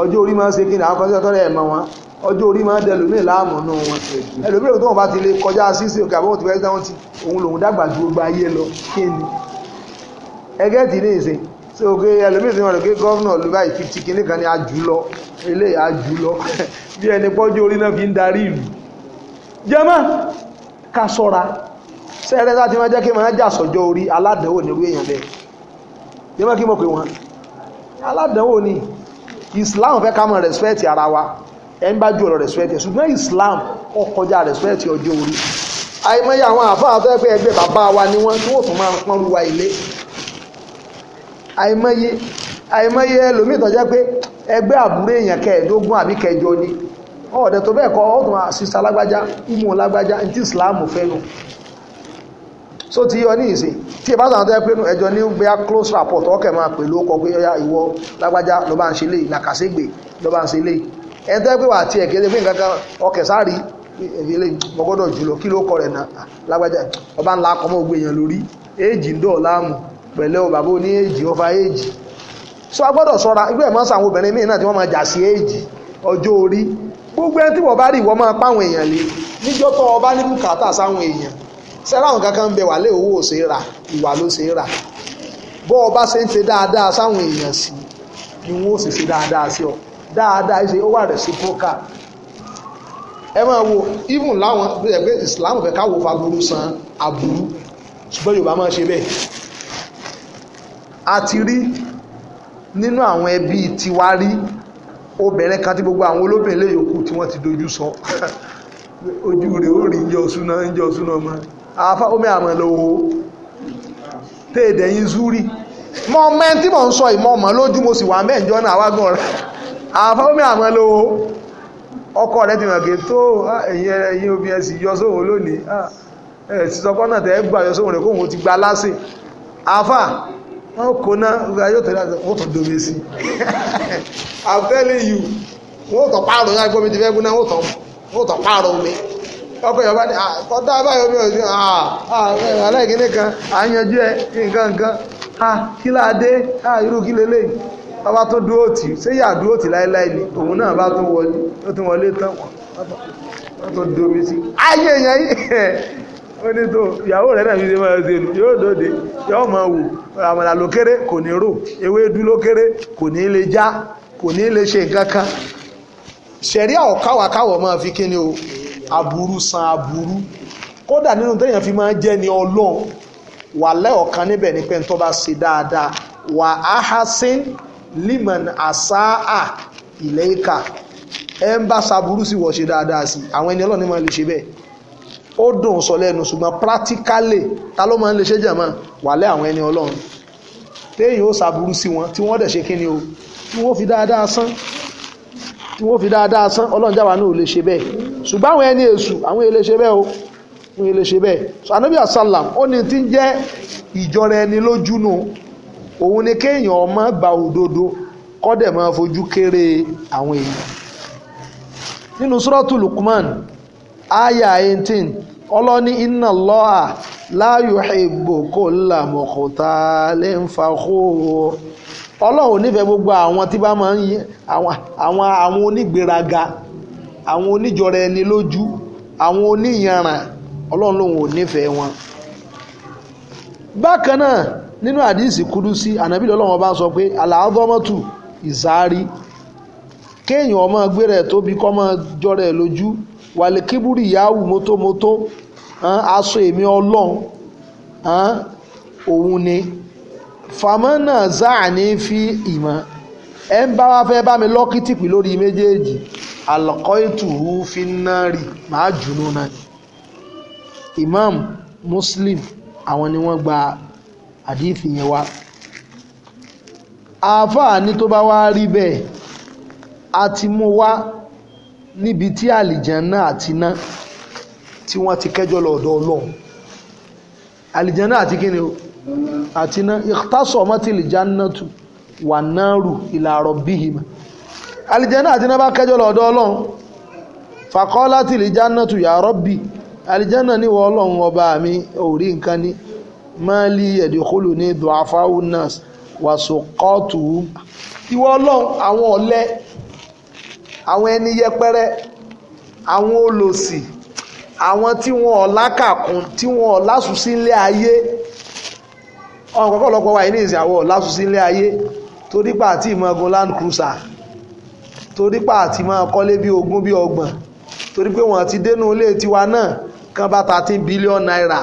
ọjọ́ orí máa ń ṣe kí ni àwọn consent authority ẹ̀ mọ̀ wọn ọjọ́ orí máa ń dẹ lómi láàmú nù wọn ẹlòmíràn tó wọn bá ti lè kọjá sísè òkè àbọ̀wọ̀n ti fẹ́ dáhùn ti òun lòun dàgbà ju gbogbo ayé lọ kí ni ẹgẹ́ ti ní ìsìn so oge ẹlòmíì sì ń rẹ̀ pé gọ́vnà ló báyìí fifty kìíní kan ní àjùlọ eléyìí àjùlọ bí ẹni pọ́jú orí náà fi ń darí ìlú jẹ́mọ́ ká sọ́ra sẹ́rẹ́ láti máa jẹ́ kí máa jà sọ́jọ́ orí aládánwò nírú èèyàn bẹ́ẹ̀ jẹ́mọ́ kí mo pè wọ́n aládánwò ni Islam fẹ́ ká mọ̀ respect ara wa ẹ̀ ń bá jù ọ̀rọ̀ respect ẹ̀ ṣùgbọ́n Islam ó kọjá respect ọjọ́ orí àìmọye àwọn àfáà fẹ́ pé ẹgbẹ́ bàbá wa ni wọ́n tí wọ́n tún máa ń pọ́n lu wa ilé àìmọ́yé àìmọye ẹlòmíì jẹ́ pé ẹgbẹ́ àbúrò èèyàn kẹẹ̀ẹ́dógún àbí kẹjọ ni ọ̀dẹ̀ tó bẹ́ẹ̀ kọ́ ọ̀tún sísá lágbájá ìmú lágbájá tí ìsìláàmù fẹ́nu so ti yọ ní ìsìn tí ìbá sàn ẹjọ́ ní bóyá close rapport ọkẹ̀ máa pè ló kọ ìwọ lágbájá ló bá ń ló bá ń pé wà ọkẹ̀ sáàrí ah, ọba ńlá gbé èèyàn lórí ń dọ̀ pẹ̀lẹ́ o bàbá oní èjì ọba èjì so a gbọ́dọ̀ sọ́ra igbó ẹ̀ máa ń sàwọn obìnrin míì náà tí wọ́n máa jà sí èjì ọjọ́ orí gbogbo ẹni tí wọ́n bá rí ìwọ máa èèyàn lé níjọ́ tó ọba ní bùkátà sáwọn èèyàn sẹ́ráwọn kankan ń wà lé owó rà ìwà ló rà bọ́ ọba ṣe ń ṣe dáadáa sáwọn èèyàn sí ni wọ́n sì ṣe dáadáa sí ọ dáadáa ṣe ó wà ẹ máa wo even láwọn ìsìlámù fẹ́ káwọ́ san ṣùgbọ́n Yorùbá máa ṣe bẹ́ẹ̀ a ti rí nínú àwọn ẹbí tiwa rí obìnrin kan tí gbogbo àwọn olóbìnrin lè yòókù tí wọ́n ti dojú sọ ojú rẹ̀ ó rí ìjọ súná ìjọ súná mọ́ àfa omi àmọ́ lọ́wọ́ téèdẹ̀yìn zúrí mọ́ mẹ́ntí mọ̀ ń sọ ìmọ̀ mọ́ lójú mo sì wà mẹ́jọ náà wágùn rẹ̀ àfa omi àmọ́ lọ́wọ́ ọkọ rẹ̀ ti mọ̀ kí tó ẹ̀yìn ẹ̀yìn obìnrin ẹ̀sìn yọ sóhun lónìí ẹ̀ ti sọ pọ́nà tẹ́ gbà yọ sóhun rẹ̀ kóhun ti gba lásì àfa wọ́n kò ná yóò tẹ̀lé àti wọ́n tó domi sí i'm telling you wọ́n tó pààrọ̀ náà gbọ́mi ti fẹ́ gbóná wọ́n tó pààrọ̀ omi ọkọ̀ yorùbá ni kọ́tà báyọ̀ mi ò sí aláìkíní kan àyànjú ẹ nǹkan nǹkan kí láà dé irú kí lélẹ̀ ọba tó dúró tì ṣé yà dúró tì láéláé ni òun náà bá tó wọlé tán wọ́n tó domi sí ayé yẹn onye tó ìyàwó rẹ̀ náà fi ṣe máa ṣe nù yóò dòde yóò máa wù àmàlà kò ní rò ewé ló kéré kò ní lè já kò ní lè ṣe nǹkan kan ṣẹ̀rí àwọ̀káwàkáwọ̀ máa fi kí ni o aburú san aburú kódà nínú téèyàn fi máa jẹ́ ni ọlọ́run wà níbẹ̀ ní pẹ́ńtọ́ bá ṣe dáadáa wà áhásín liman asaa ilẹ̀ ìka ń bá sí wọ̀ ṣe dáadáa sí àwọn ẹni ọlọ́run máa lè ó dùn sọ lẹ́nu ṣùgbọ́n practically ta ló máa ń lè ṣe jàmọ́ wàlẹ́ àwọn ẹni ọlọ́run téèyàn ó ṣàbùrú sí wọn tí wọ́n dẹ̀ ṣe kíni o tí wọ́n fi dáadáa sán tí wọ́n fi dáadáa sán ọlọ́run jáwa náà ò lè ṣe bẹ́ẹ̀ ṣùgbọ́n àwọn ẹni èṣù àwọn èlè ṣe bẹ́ẹ̀ o àwọn èlè ṣe bẹ́ẹ̀ so anabi asalam ó ní ti ń jẹ́ ìjọra ẹni lójú nù òun ni kéèyàn ọmọ gba òdodo kọ́dẹ̀ máa fojú kéré àwọn èèyàn nínú suratul Luqman aya eighteen ọlọ́ni iná lọ́à láàyò ìbò kò làmọ̀kòtà lè ń fa kóòwò ọlọ́run nífẹ̀ẹ́ gbogbo àwọn tí bá máa ń yí àwọn àwọn onígbéraga àwọn oníjọra ẹni lójú àwọn oníyanràn ọlọ́run lòun ò nífẹ̀ẹ́ wọn. bákan náà nínú àdìsí kúdúsí ànábì lọ́lọ́wọ́n bá sọ pé àlàáfọ́mọ́tù ìsáárí kéèyàn ọmọ gbéra ẹ̀ tóbi kọ́ mọ́ jọra ẹ̀ lójú wàlẹ́kíbúrì yahoo mótómótó aṣọ èmi ọlọ́run òun ni famana zaani fi ìmọ̀ ẹ ń bá wá fẹ́ bá mi lọ́kìtìpì lórí méjèèjì àlọ́kọ́ ìtùhú fi ná rì máa jùlọ náà imam muslim àwọn ni wọ́n gba àdífì yẹn wá àáfàá ní tó bá wá rí bẹ́ẹ̀ a ti mú wá níbi tí àlìjánná àti iná tí wọ́n ti kẹ́jọ́ lọ ọ̀dọ̀ ọlọ́run àlìjánná àti kíni o àti iná ikhtasomati aljannatu wan naru ila rabbihima àlìjánná àti iná bá kẹ́jọ́ lọ ọ̀dọ̀ ọlọ́run faqalati aljannatu ya rabbi àlìjánná ni wọ́n ọlọ́run ọba mi ò rí nǹkan ní máàlì ẹ̀dínkúlù ní du'afa'u nas wàsùkọ́tù ìwọ ọlọ́run àwọn ọ̀lẹ àwọn ẹni yẹpẹrẹ àwọn olòṣì àwọn tí wọn ọ̀la kàkún tí wọn ọ̀la sùn sílé ayé ọ̀n kọ́kọ́ lọ́pọ̀ wáyé ní ìsìn àwọn ọ̀la sílé ayé torí pa àti ìmọ̀ ọgbọ̀n land cruiser torí pa àti ìmọ̀ ọkọ́lé bíi ogún bíi ọgbọ̀n torí pé wọ́n ti dénú ilé tiwa náà kán bá thirteen billion naira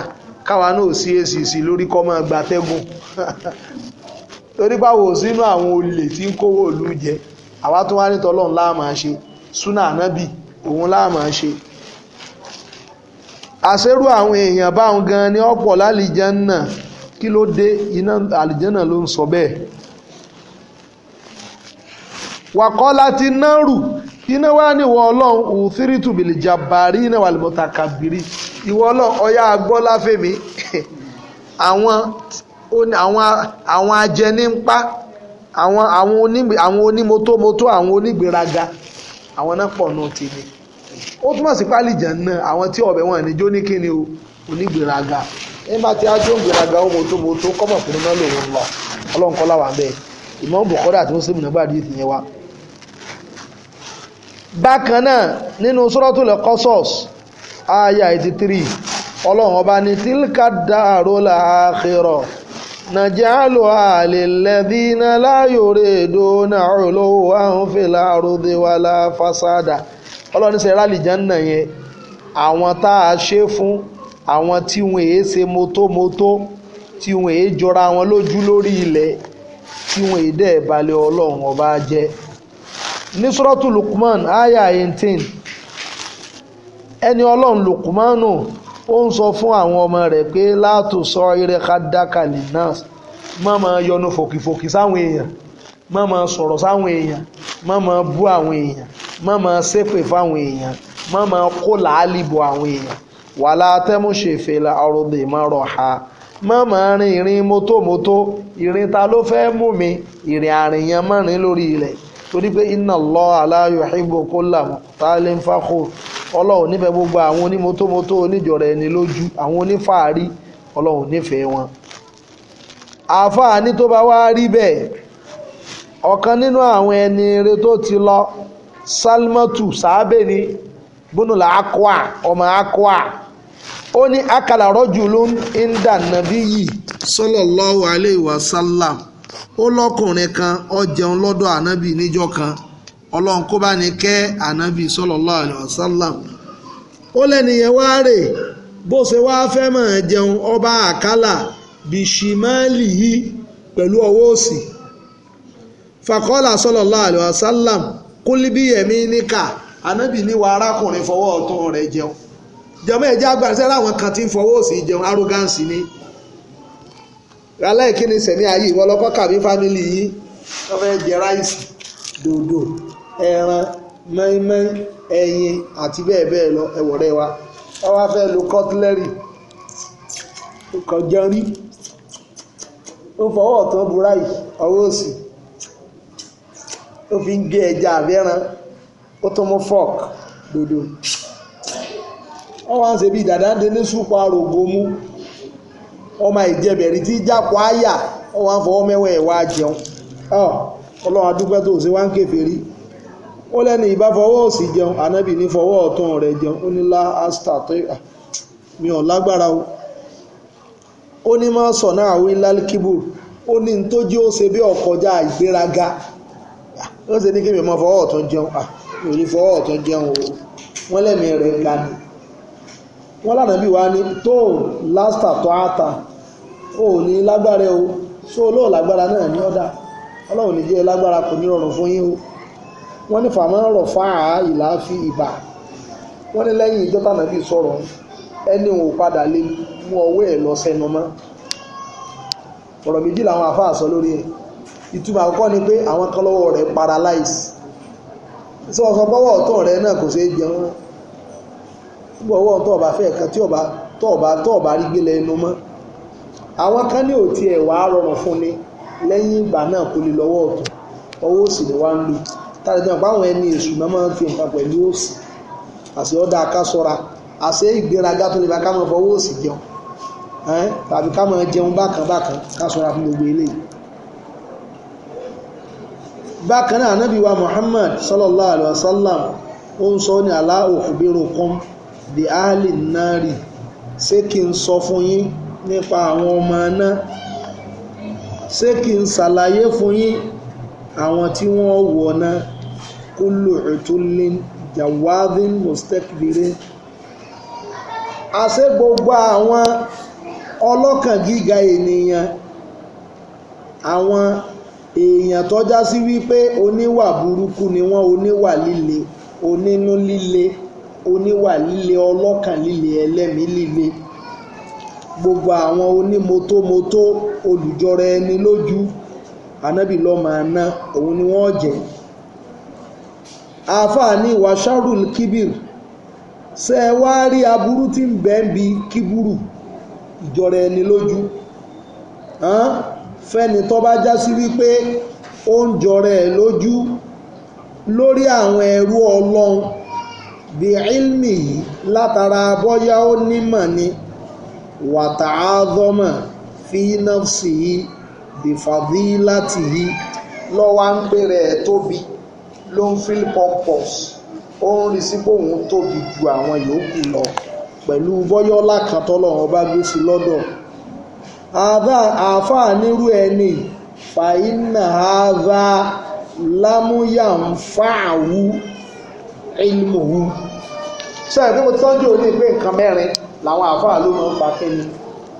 káwa náà sí acc lórí kọ́ máa gbatẹ́gùn torí báwo sínú àwọn olè tí ń kówó ìlú jẹ àwa tó wá ní tọ́lọ́run la máa ṣe súnà ànábì òun la máa ṣe àṣerú àwọn èèyàn báwọn gan ni ọ̀pọ̀ lálìjánà kí ló dé iná àlìjánà ló ń sọ bẹ́ẹ̀ wàkọ́ láti nárù iná wá níwọ̀ ọlọ́run ùfírìtù bìlì jàbárí iná wà lùmọ́ta kàbírí ìwọ ọlọ́run ọyá agbọ́lá fèmí àwọn àwọn ajẹni ń pa àwọn àwọn oní àwọn moto àwọn onígbéraga àwọn náà pọ̀ náà ti ní ó túmọ̀ sí pálíjà náà àwọn tí ọ̀bẹ wọn níjó ní kíni o onígbéraga nígbà tí a jó ń gbéraga ó mọ́tòmọ́tò kọ́mọ̀ fún iná lòun lọ ọlọ́nkọ́lá wà bẹ́ẹ̀ Imam Bukhari àti Muslim náà gbàdúrà ìfìyẹn wa. bákan náà nínú Suratul Qasas aya eighty three ọlọ́run ọba ní tílkà dáàró làákìrọ̀ نجعلها للذين لا يريدون علوا في الأرض ولا فسادا ọlọ́run ṣe rálì jẹ́nà yẹn àwọn tá a ṣe fún àwọn tí wọn èé ṣe mọ́tòmọ́tò tí wọn èé jọra wọn lójú lórí ilẹ̀ tí wọn èé dẹ̀ balẹ̀ ọlọ́run ọba jẹ́ ní Lukman aya eighteen ẹni ọlọ́run Lukmanu ó ń sọ fún àwọn ọmọ rẹ̀ pé látò sọ eré kádàkà lè náà má máa yọnu fòkìfòkì sáwọn èèyàn má máa sọ̀rọ̀ sáwọn èèyàn má máa bú àwọn èèyàn má máa ṣépè fáwọn èèyàn má máa kó làálìbò àwọn èèyàn wà látẹ́mú ṣèfèlà ọ̀rọ̀dè má rọ̀ ha má máa rin ìrìn mótómótó ìrìn ta ló fẹ́ mú mi ìrìn àrìyàn mọ́rin lórí ilẹ̀ torí pé inna Allah ọlọ́run nífẹ̀ẹ́ gbogbo àwọn onímọ́tómọ́tó oníjọra ẹni lójú àwọn onífàárí ọlọ́run nífẹ̀ẹ́ wọn. àáfàá ní tó bá wá rí bẹ́ẹ̀ ọ̀kan nínú àwọn ẹni ire tó ti lọ salmatu sàábẹ̀ni bónúlà akwa ọmọ akwa ó ní akala rọ́jùlún inda nàbí yìí sallallahu alaihi wasallam ó lọ́kùnrin kan ó jẹun lọ́dọ̀ ànábì níjọ́ kan ọlọ́run kó bá ní kẹ́ ànábì sallallahu alaihi wasallam ó lẹ́nìyẹn wá rè bó ṣe wá fẹ́ mọ̀ jẹun ọba àkàlà bìṣìmáàlì yìí pẹ̀lú ọwọ́ òsì fàkọ́là sallallahu alaihi wasallam kúlíbí yẹ̀mí níkà ànábì ní wa arákùnrin fọwọ́ ọ̀tún rẹ̀ jẹun jẹmọ́ ẹ̀jẹ̀ agbáraṣẹ́ láwọn kan ti ń fọwọ́ òsì jẹun arrogance ni aláìkíni sẹ̀mí ayé ìwọlọ́kọ́ kàbí fámìlì yìí wọ́n fẹ́ jẹ ráìsì dòdò ẹran mọ́ínmọ́ín ẹyin àti bẹ́ẹ̀ bẹ́ẹ̀ lọ ẹ̀wọ̀rẹ́ wa wọ́n wá fẹ́ lo cutlery kọjá rí ó fọwọ́ ọ̀tún burá yìí ọwọ́ òsì ó fi ń gé ẹja àbẹ́ran ó tún mú fork dodo Ọ wá ń ṣe bí dàdáńdé ní súpà rògbò mú ọmọ ìjẹbẹ̀rì tí jápọ̀ áyà wọ́n wá ń fọwọ́ mẹ́wẹ̀ẹ́ wá jẹun ọlọ́run adúgbẹ́ tó ṣe wá ń kèfèrí ó lẹ́nu ìbá fọwọ́ òsì jẹun ànábì ní fọwọ́ ọ̀tún rẹ̀ jẹun ó ní lá ástà tó mi ò lágbára o ó ní sọ náà àwọn ìlàlíkìbù ó ní tójú ó ṣe bí ọkọjá ìgbéraga ah, ó ṣe ní kí mi máa fọwọ́ ọ̀tún jẹun ah, mi ò ní fọwọ́ ọ̀tún jẹun o wọ́n rẹ̀ ga ni wọ́n lànà bí ní tó tó àtà ó o só lágbára náà ní ọ̀dà ọlọ́run ní jẹ́ lágbára kò ní rọrùn o. wọ́n ní fàmọ́ rọ̀ fáà ìlàáfi ìbà wọ́n ní lẹ́yìn ìjọ tànàbí sọ̀rọ̀ ẹni òun padà lè mú ọwọ́ ẹ̀ lọ sẹ́nu mọ́ ọ̀rọ̀ méjì làwọn àfáà sọ lórí ẹ̀ ìtumọ̀ àkọ́kọ́ ni pé àwọn kan lọ́wọ́ rẹ̀ paralyze sọ ọsọ bọ́wọ́ ọ̀tọ̀ rẹ̀ náà kò ṣeé jẹun bọ́wọ́ ọ̀tọ̀ ọba fẹ́ kan tí ọba tọ́ọ̀bá tọ́ọ̀bá rí gbé lẹ́nu mọ́ àwọn kan ní òtí ẹ̀ wàá rọrùn fún ni lẹ́yìn ìgbà náà kò lè lọ́wọ́ ọ̀tún ọwọ́ òsì ni wàá ń lò tàbí tí wọ́n pa àwọn ẹni èṣù náà máa ń fi nǹkan pẹ̀lú òsì àṣẹ ọ̀dà ká sọ́ra àṣẹ ìgbéraga tó lè bá ká máa fọwọ́ òsì jẹun tàbí ká máa jẹun bákan bákan ká sọ́ra fún gbogbo eléyìí bákan náà anábì wa muhammad sallallahu alaihi wasallam ó ń sọ ní alá ukhbirukum bi ahli nari ṣé kí n sọ fún yín nípa àwọn ọmọ náà ṣé kí n ṣàlàyé fún yín àwọn tí wọ́n wọ̀ náà kúlù ìtúlín jawadin mustakbirin àṣẹ gbogbo àwọn ọlọ́kàn gíga ènìyàn àwọn èèyàn tọ́já sí wípé oníwà burúkú ni wọ́n oníwà líle onínú líle oníwà líle ọlọ́kàn líle ẹlẹ́mìí líle gbogbo àwọn onímotómotó olùjọra ẹni lójú ànábì lọ́ọ́ máa ná òun ni wọ́n jẹ́ àáfàá ní washarul kibir ṣe é wá rí aburú tí ń bẹ ń bi kíburu ìjọra ẹni lójú fẹ́ni tó bá já sí wípé ó ń jọra ẹ̀ lójú lórí àwọn ẹrú ọlọ́run bí ilmi yìí látara bọ́yá ó nímọ̀ ni wàtà áàdọ́mọ̀ fi nafsi yìí bìfàdí láti yìí lọ́wọ́ ń pèrè tóbi feel Pompous ó ń rí sí póun tóbi ju àwọn yòókù lọ pẹ̀lú bọ́yọ́lá kan tọ́lọ́run bá gbé sí lọ́dọ̀ àáfàá nírú ẹni fàínà àáfà lámúyà ń fàáwú ilmuhu ṣe àbí mo tọ́jú òní pé nǹkan mẹ́rin làwọn àáfàá ló máa ń fa kẹ́ni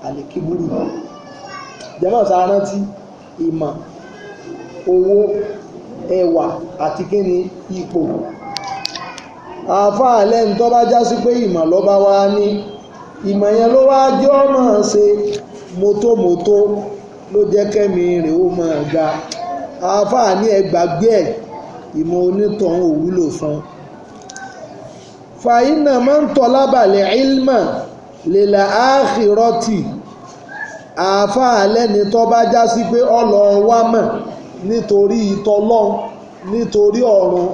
àlèkíbúrú jẹ́mọ̀ sáà rántí ìmọ̀ owó ẹwà àti kíni ipò àáfàá lẹ́nu tó bá já sí pé ìmọ̀ ló bá wá ní ìmọ̀ yẹn ló wá jẹ́ ọmọ ṣe mọ́tòmọ́tò ló jẹ́ kẹ́mi rẹ̀ ó máa ga àáfàá ní ẹgbàgbé ẹ̀ ìmọ̀ onítọ̀hún òwúlò fún fàyínà máa ń tọ́ lábàlẹ̀ ilmà lèlà áàkìrọ́tì àáfàá lẹ́ni tó bá já pé ọlọ́ọ̀ wá mọ̀ nítorí ìtọ́lọ́n nítorí ọ̀run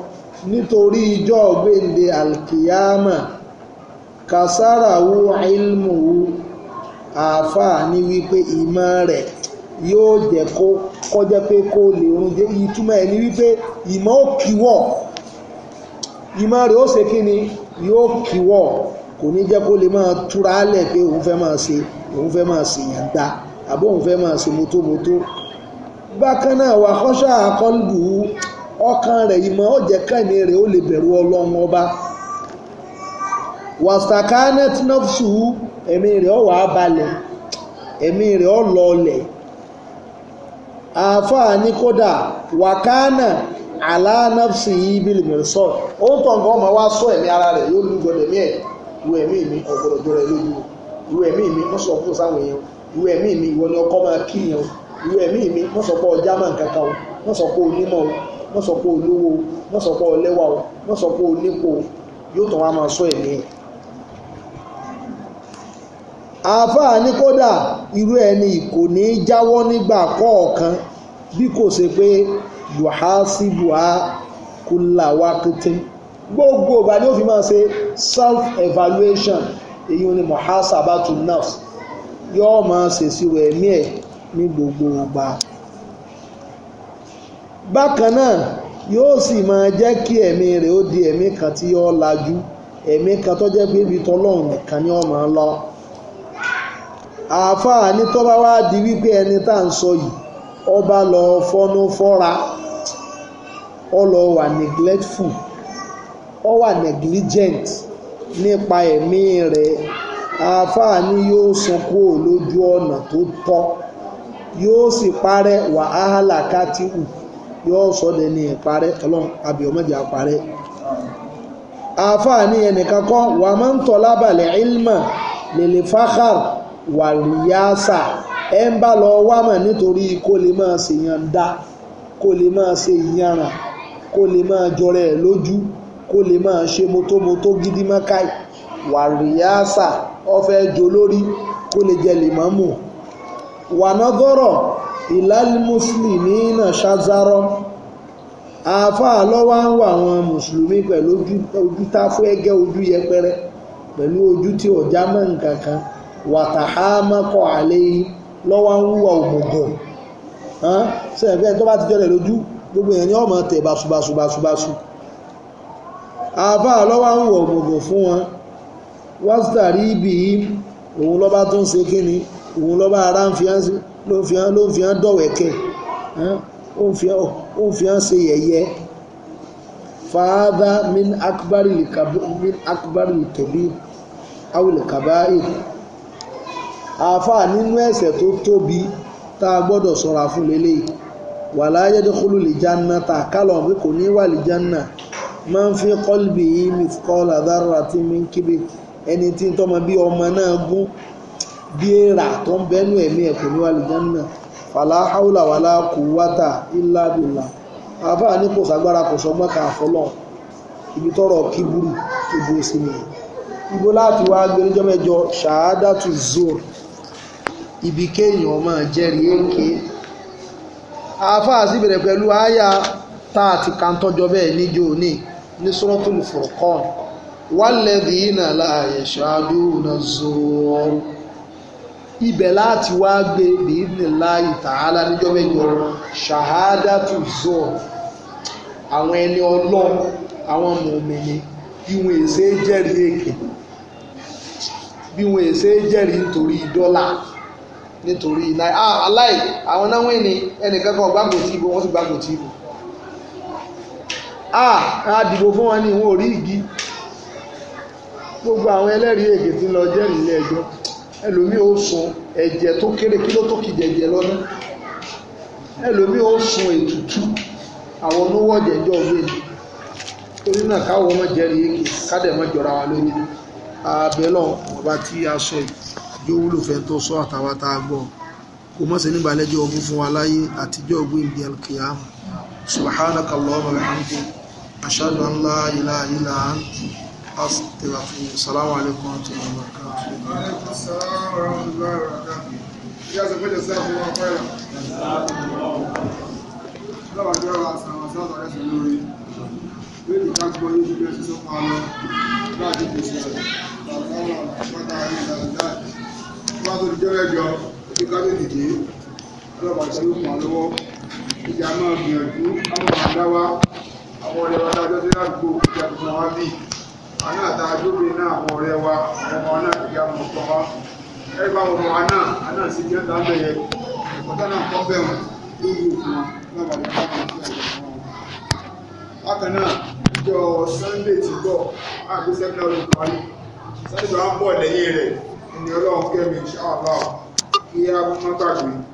nítorí ìjọ gbèǹde alkiyama kasarawu ilmuhu àáfàá ní wípé ìmọ̀ rẹ̀ yóò jẹ́ kó kọjá pé kó lè run jẹ́ ìtumọ̀ ẹ̀ ní wípé ìmọ̀ ó kíwọ̀ ìmọ̀ rẹ̀ ó ṣe kí ni yóò kíwọ̀ kò ní jẹ́ kó lè máa túra lẹ̀ pé òun fẹ́ máa ṣe òun fẹ́ máa ṣèyàn dá àbí fẹ́ máa ṣe mọ́tòmọ́tò bákan náà wà kọ́ṣà àkọlùbù ọkàn rẹ̀ ìmọ̀ ọ̀jẹ̀ kẹ́ni rẹ̀ ó lè bẹ̀rù ọlọ́run ọba wàsàkánẹ́t nọ́fṣù ẹ̀mí rẹ̀ wà á balẹ̀ ẹ̀mí rẹ̀ ọ̀ lọ́ọ̀lẹ̀ àáfàá ní kódà wàkánà àlànàfṣì yìí bílí sọ ó ń tọ̀ nǹkan ọmọ wa sọ ẹ̀mí ara rẹ̀ yóò gbọdọ̀ ẹ̀ ẹ̀mí mi ọ̀gbọ̀dọ̀ ẹ̀ lójú ẹ̀mí mi ń sọ fún sáwọn èèyàn ẹ̀mí ìwé ẹ̀mí mi wọ́n sọ pé ọjà máa ń kankan o wọ́n sọ pé onímọ̀ o wọ́n sọ pé olówó o wọ́n sọ pé ọlẹ́wà o wọ́n sọ pé onípò o yóò tàn wá máa sọ ẹ̀mí ẹ̀. àáfàá ní kódà irú ẹni kò ní í jáwọ́ nígbà kọ̀ọ̀kan bí kò ṣe pé yòhásíbùhá kúlà wákìtì gbogbo ìgbà ni ó fi máa ṣe self evaluation èyí ni muhasabatu nafs yóò máa ṣèṣirò ẹ̀mí ẹ̀ ní gbogbo ọgbà bákan náà yóò sì máa jẹ́ kí ẹ̀mí rẹ̀ ó di ẹ̀mí kan tí yóò lajú ẹ̀mí kan tó jẹ́ pé ibi tọ́lọ́run nìkan ni ó máa lọ àáfàá ní tó bá wá di wípé ẹni tá à sọ yìí ọba lọ fọnú fọ́ra ọ lọ wà neglectful ọ wà negligent nípa ẹ̀mí rẹ̀ àáfàá ni yóò sọ kúrò lójú ọ̀nà tó yóò sì parẹ́ wàhálà kátìwù yóò sọ de ní ìparẹ́ ọlọ́run abiyọ̀mọ́jà parẹ́ àfáàní ẹnìkan kọ́ wà máa ń tọ́ lábàlẹ̀ ilmà lèlè fáhàr wà ríyáṣà ẹ ń bá lọ wá mọ̀ nítorí kó lè máa ṣe yànda kó lè máa ṣe ìyànràn kó lè máa jọrẹ ẹ lójú kó lè máa ṣe motomoto gidi mọ́káì wà ríyáṣà ó fẹ́ jolórí kó lè jẹ lè mọ́mù wànàgọ́rọ̀ ìlàlímùsùlùmí náà ṣázárọ́ àáfàá lọ́wọ́ ń wà àwọn mùsùlùmí pẹ̀lú ojú tá fún ẹgẹ́ ojú yẹpẹrẹ pẹ̀lú ojú tí ọ̀já mọ́ nǹkan kan wàtàhámọ́kọ̀ àlẹ́ yìí lọ́wọ́ ń wúwa òmùgọ̀ sẹ́ẹ̀fẹ́ tó bá ti jọlẹ̀ lójú gbogbo èèyàn ni ọmọ tẹ̀ báṣubáṣubáṣubáṣu àáfàá lọ́wọ́ ń wọ̀ òmùgọ̀ fún wọn wọ́n sì tàrí ibì yìí òun lọ́ba tó ń ṣe kíni òun lọ́ba ara ń fi hàn sí ló ń fi hàn ló ń fi hàn dọ̀wẹ́kẹ̀ ó ń fi hàn ó ń fi hàn ṣe yẹ̀yẹ́ fàádà min akbari min akbari kẹbí awulẹ̀ kàbáyé àáfàá nínú ẹ̀ṣẹ̀ tó tóbi tá a gbọ́dọ̀ sọ̀ra fún lélẹ́yìí wàlá yẹ́dẹ́kọ́lù lè jánà tà kálọ̀ pé kò ní wà lè jánà máa ń fi kọ́lbì yìí mìtíkọ́lá dára tí mi ń ẹni tí tọ́mọ bí ọmọ náà gún bí èèrà tó ń bẹ́nu ẹ̀mí ẹ̀kọ́ ní àlùjánnà fàlà haúlà wàlà kúwátà ìlà bìlà àbá ní kò sàgbára kò sọgbọ́n kan àfọlọ́ ibi tọrọ kíburu ibo sí ni ibo láti wá gbé níjọ́ mẹ́jọ ṣàádàtú zor ibi kéèyàn máa jẹ́rìí èké àáfàá sì bẹ̀rẹ̀ pẹ̀lú àyà tá a ti kàn tọ́jọ́ bẹ́ẹ̀ níjó ní ní suratul furqan walladhina la yashaduna zor ibẹ̀ láti wá gbé bi'idhnillahi ta'ala níjọ́ mẹ́jọ ṣahadatu zor àwọn ẹni ọlọ́run àwọn mọ̀mìnì bí wọn èsè jẹ́rìí èké bí wọn èsè jẹ́rìí nítorí dọ́là nítorí náírà ah, aláì àwọn náwó ẹni ẹnìkan kan gbàgbọ́ tí ibo wọ́n sì gbàgbọ́ tí ibo ah, a àdìbò fún wọn ní ìwọ̀n orí igi gbogbo àwọn ẹlẹ́rìí èké tí ń lọ jẹ́rìí ilé ẹjọ́ ẹlòmíì ó sun ẹ̀jẹ̀ tó kéré kí ló tó kì jẹ̀jẹ̀ lọ́nà ẹlòmíì ó sun ètùtù àwọn olówó ọ̀jẹ̀jọ́ ọ̀gbìn torí náà káwọn ọmọ jẹ́rìí èkì kádẹ̀ mọ́ jọra wa lórí abẹ́lọ́ ọba tí a sọ ìjó wúlò fẹ́ tó sọ àtàwọn tá a gbọ́ kò mọ̀ sí nígbà lẹ́jọ́ ọgbọ́n fún wa láyé àtijọ́ ọgbọ́n ìbí alkiyam subhanakallahumma wa bihamdik ashhadu an la ilaha illa ant Assalamu alaikum warahmatullahi wabarakatuh. Ya zama da zafi wa kwaya. Lọ́wọ́ jẹ́ wa sàwọn sáwọn ẹ̀sẹ̀ lórí. Lórí ìdájọ́ yóò fi bẹ́ẹ̀ sísọ pa lọ. Láti fi ṣe àwọn àwọn àpáta ayé ìdàgbà. Wọ́n tó jẹ́ ẹjọ́ tí ká lè dìde. Ọlọ́pàá ti ló pa lọ́wọ́. Ìjà máa gbìyànjú, àwọn àdáwà, àwọn ọ̀rẹ́ wa dájọ́ sí àgbo ìjà tuntun wa bíi ana àti àdúgbò náà àwọn ọ̀rẹ́ wa ọmọ náà ti yá mọ̀ tọ́ wa ẹ bá wọn wá náà àná sì jẹ́ ta bẹ̀yẹ ọ̀tá náà kọ́ bẹ̀ wọn lórí òkun náà wà lọ́wọ́ àwọn ọ̀sẹ̀ ìjọba wọn. bákan náà ìjọ sunday ti bọ̀ àgbé sẹ́kínárì parí sunday bá ń bọ̀ lẹ́yìn rẹ̀ ènìyàn ọlọ́run kẹ́mi ṣáà bá kí á má gbàgbé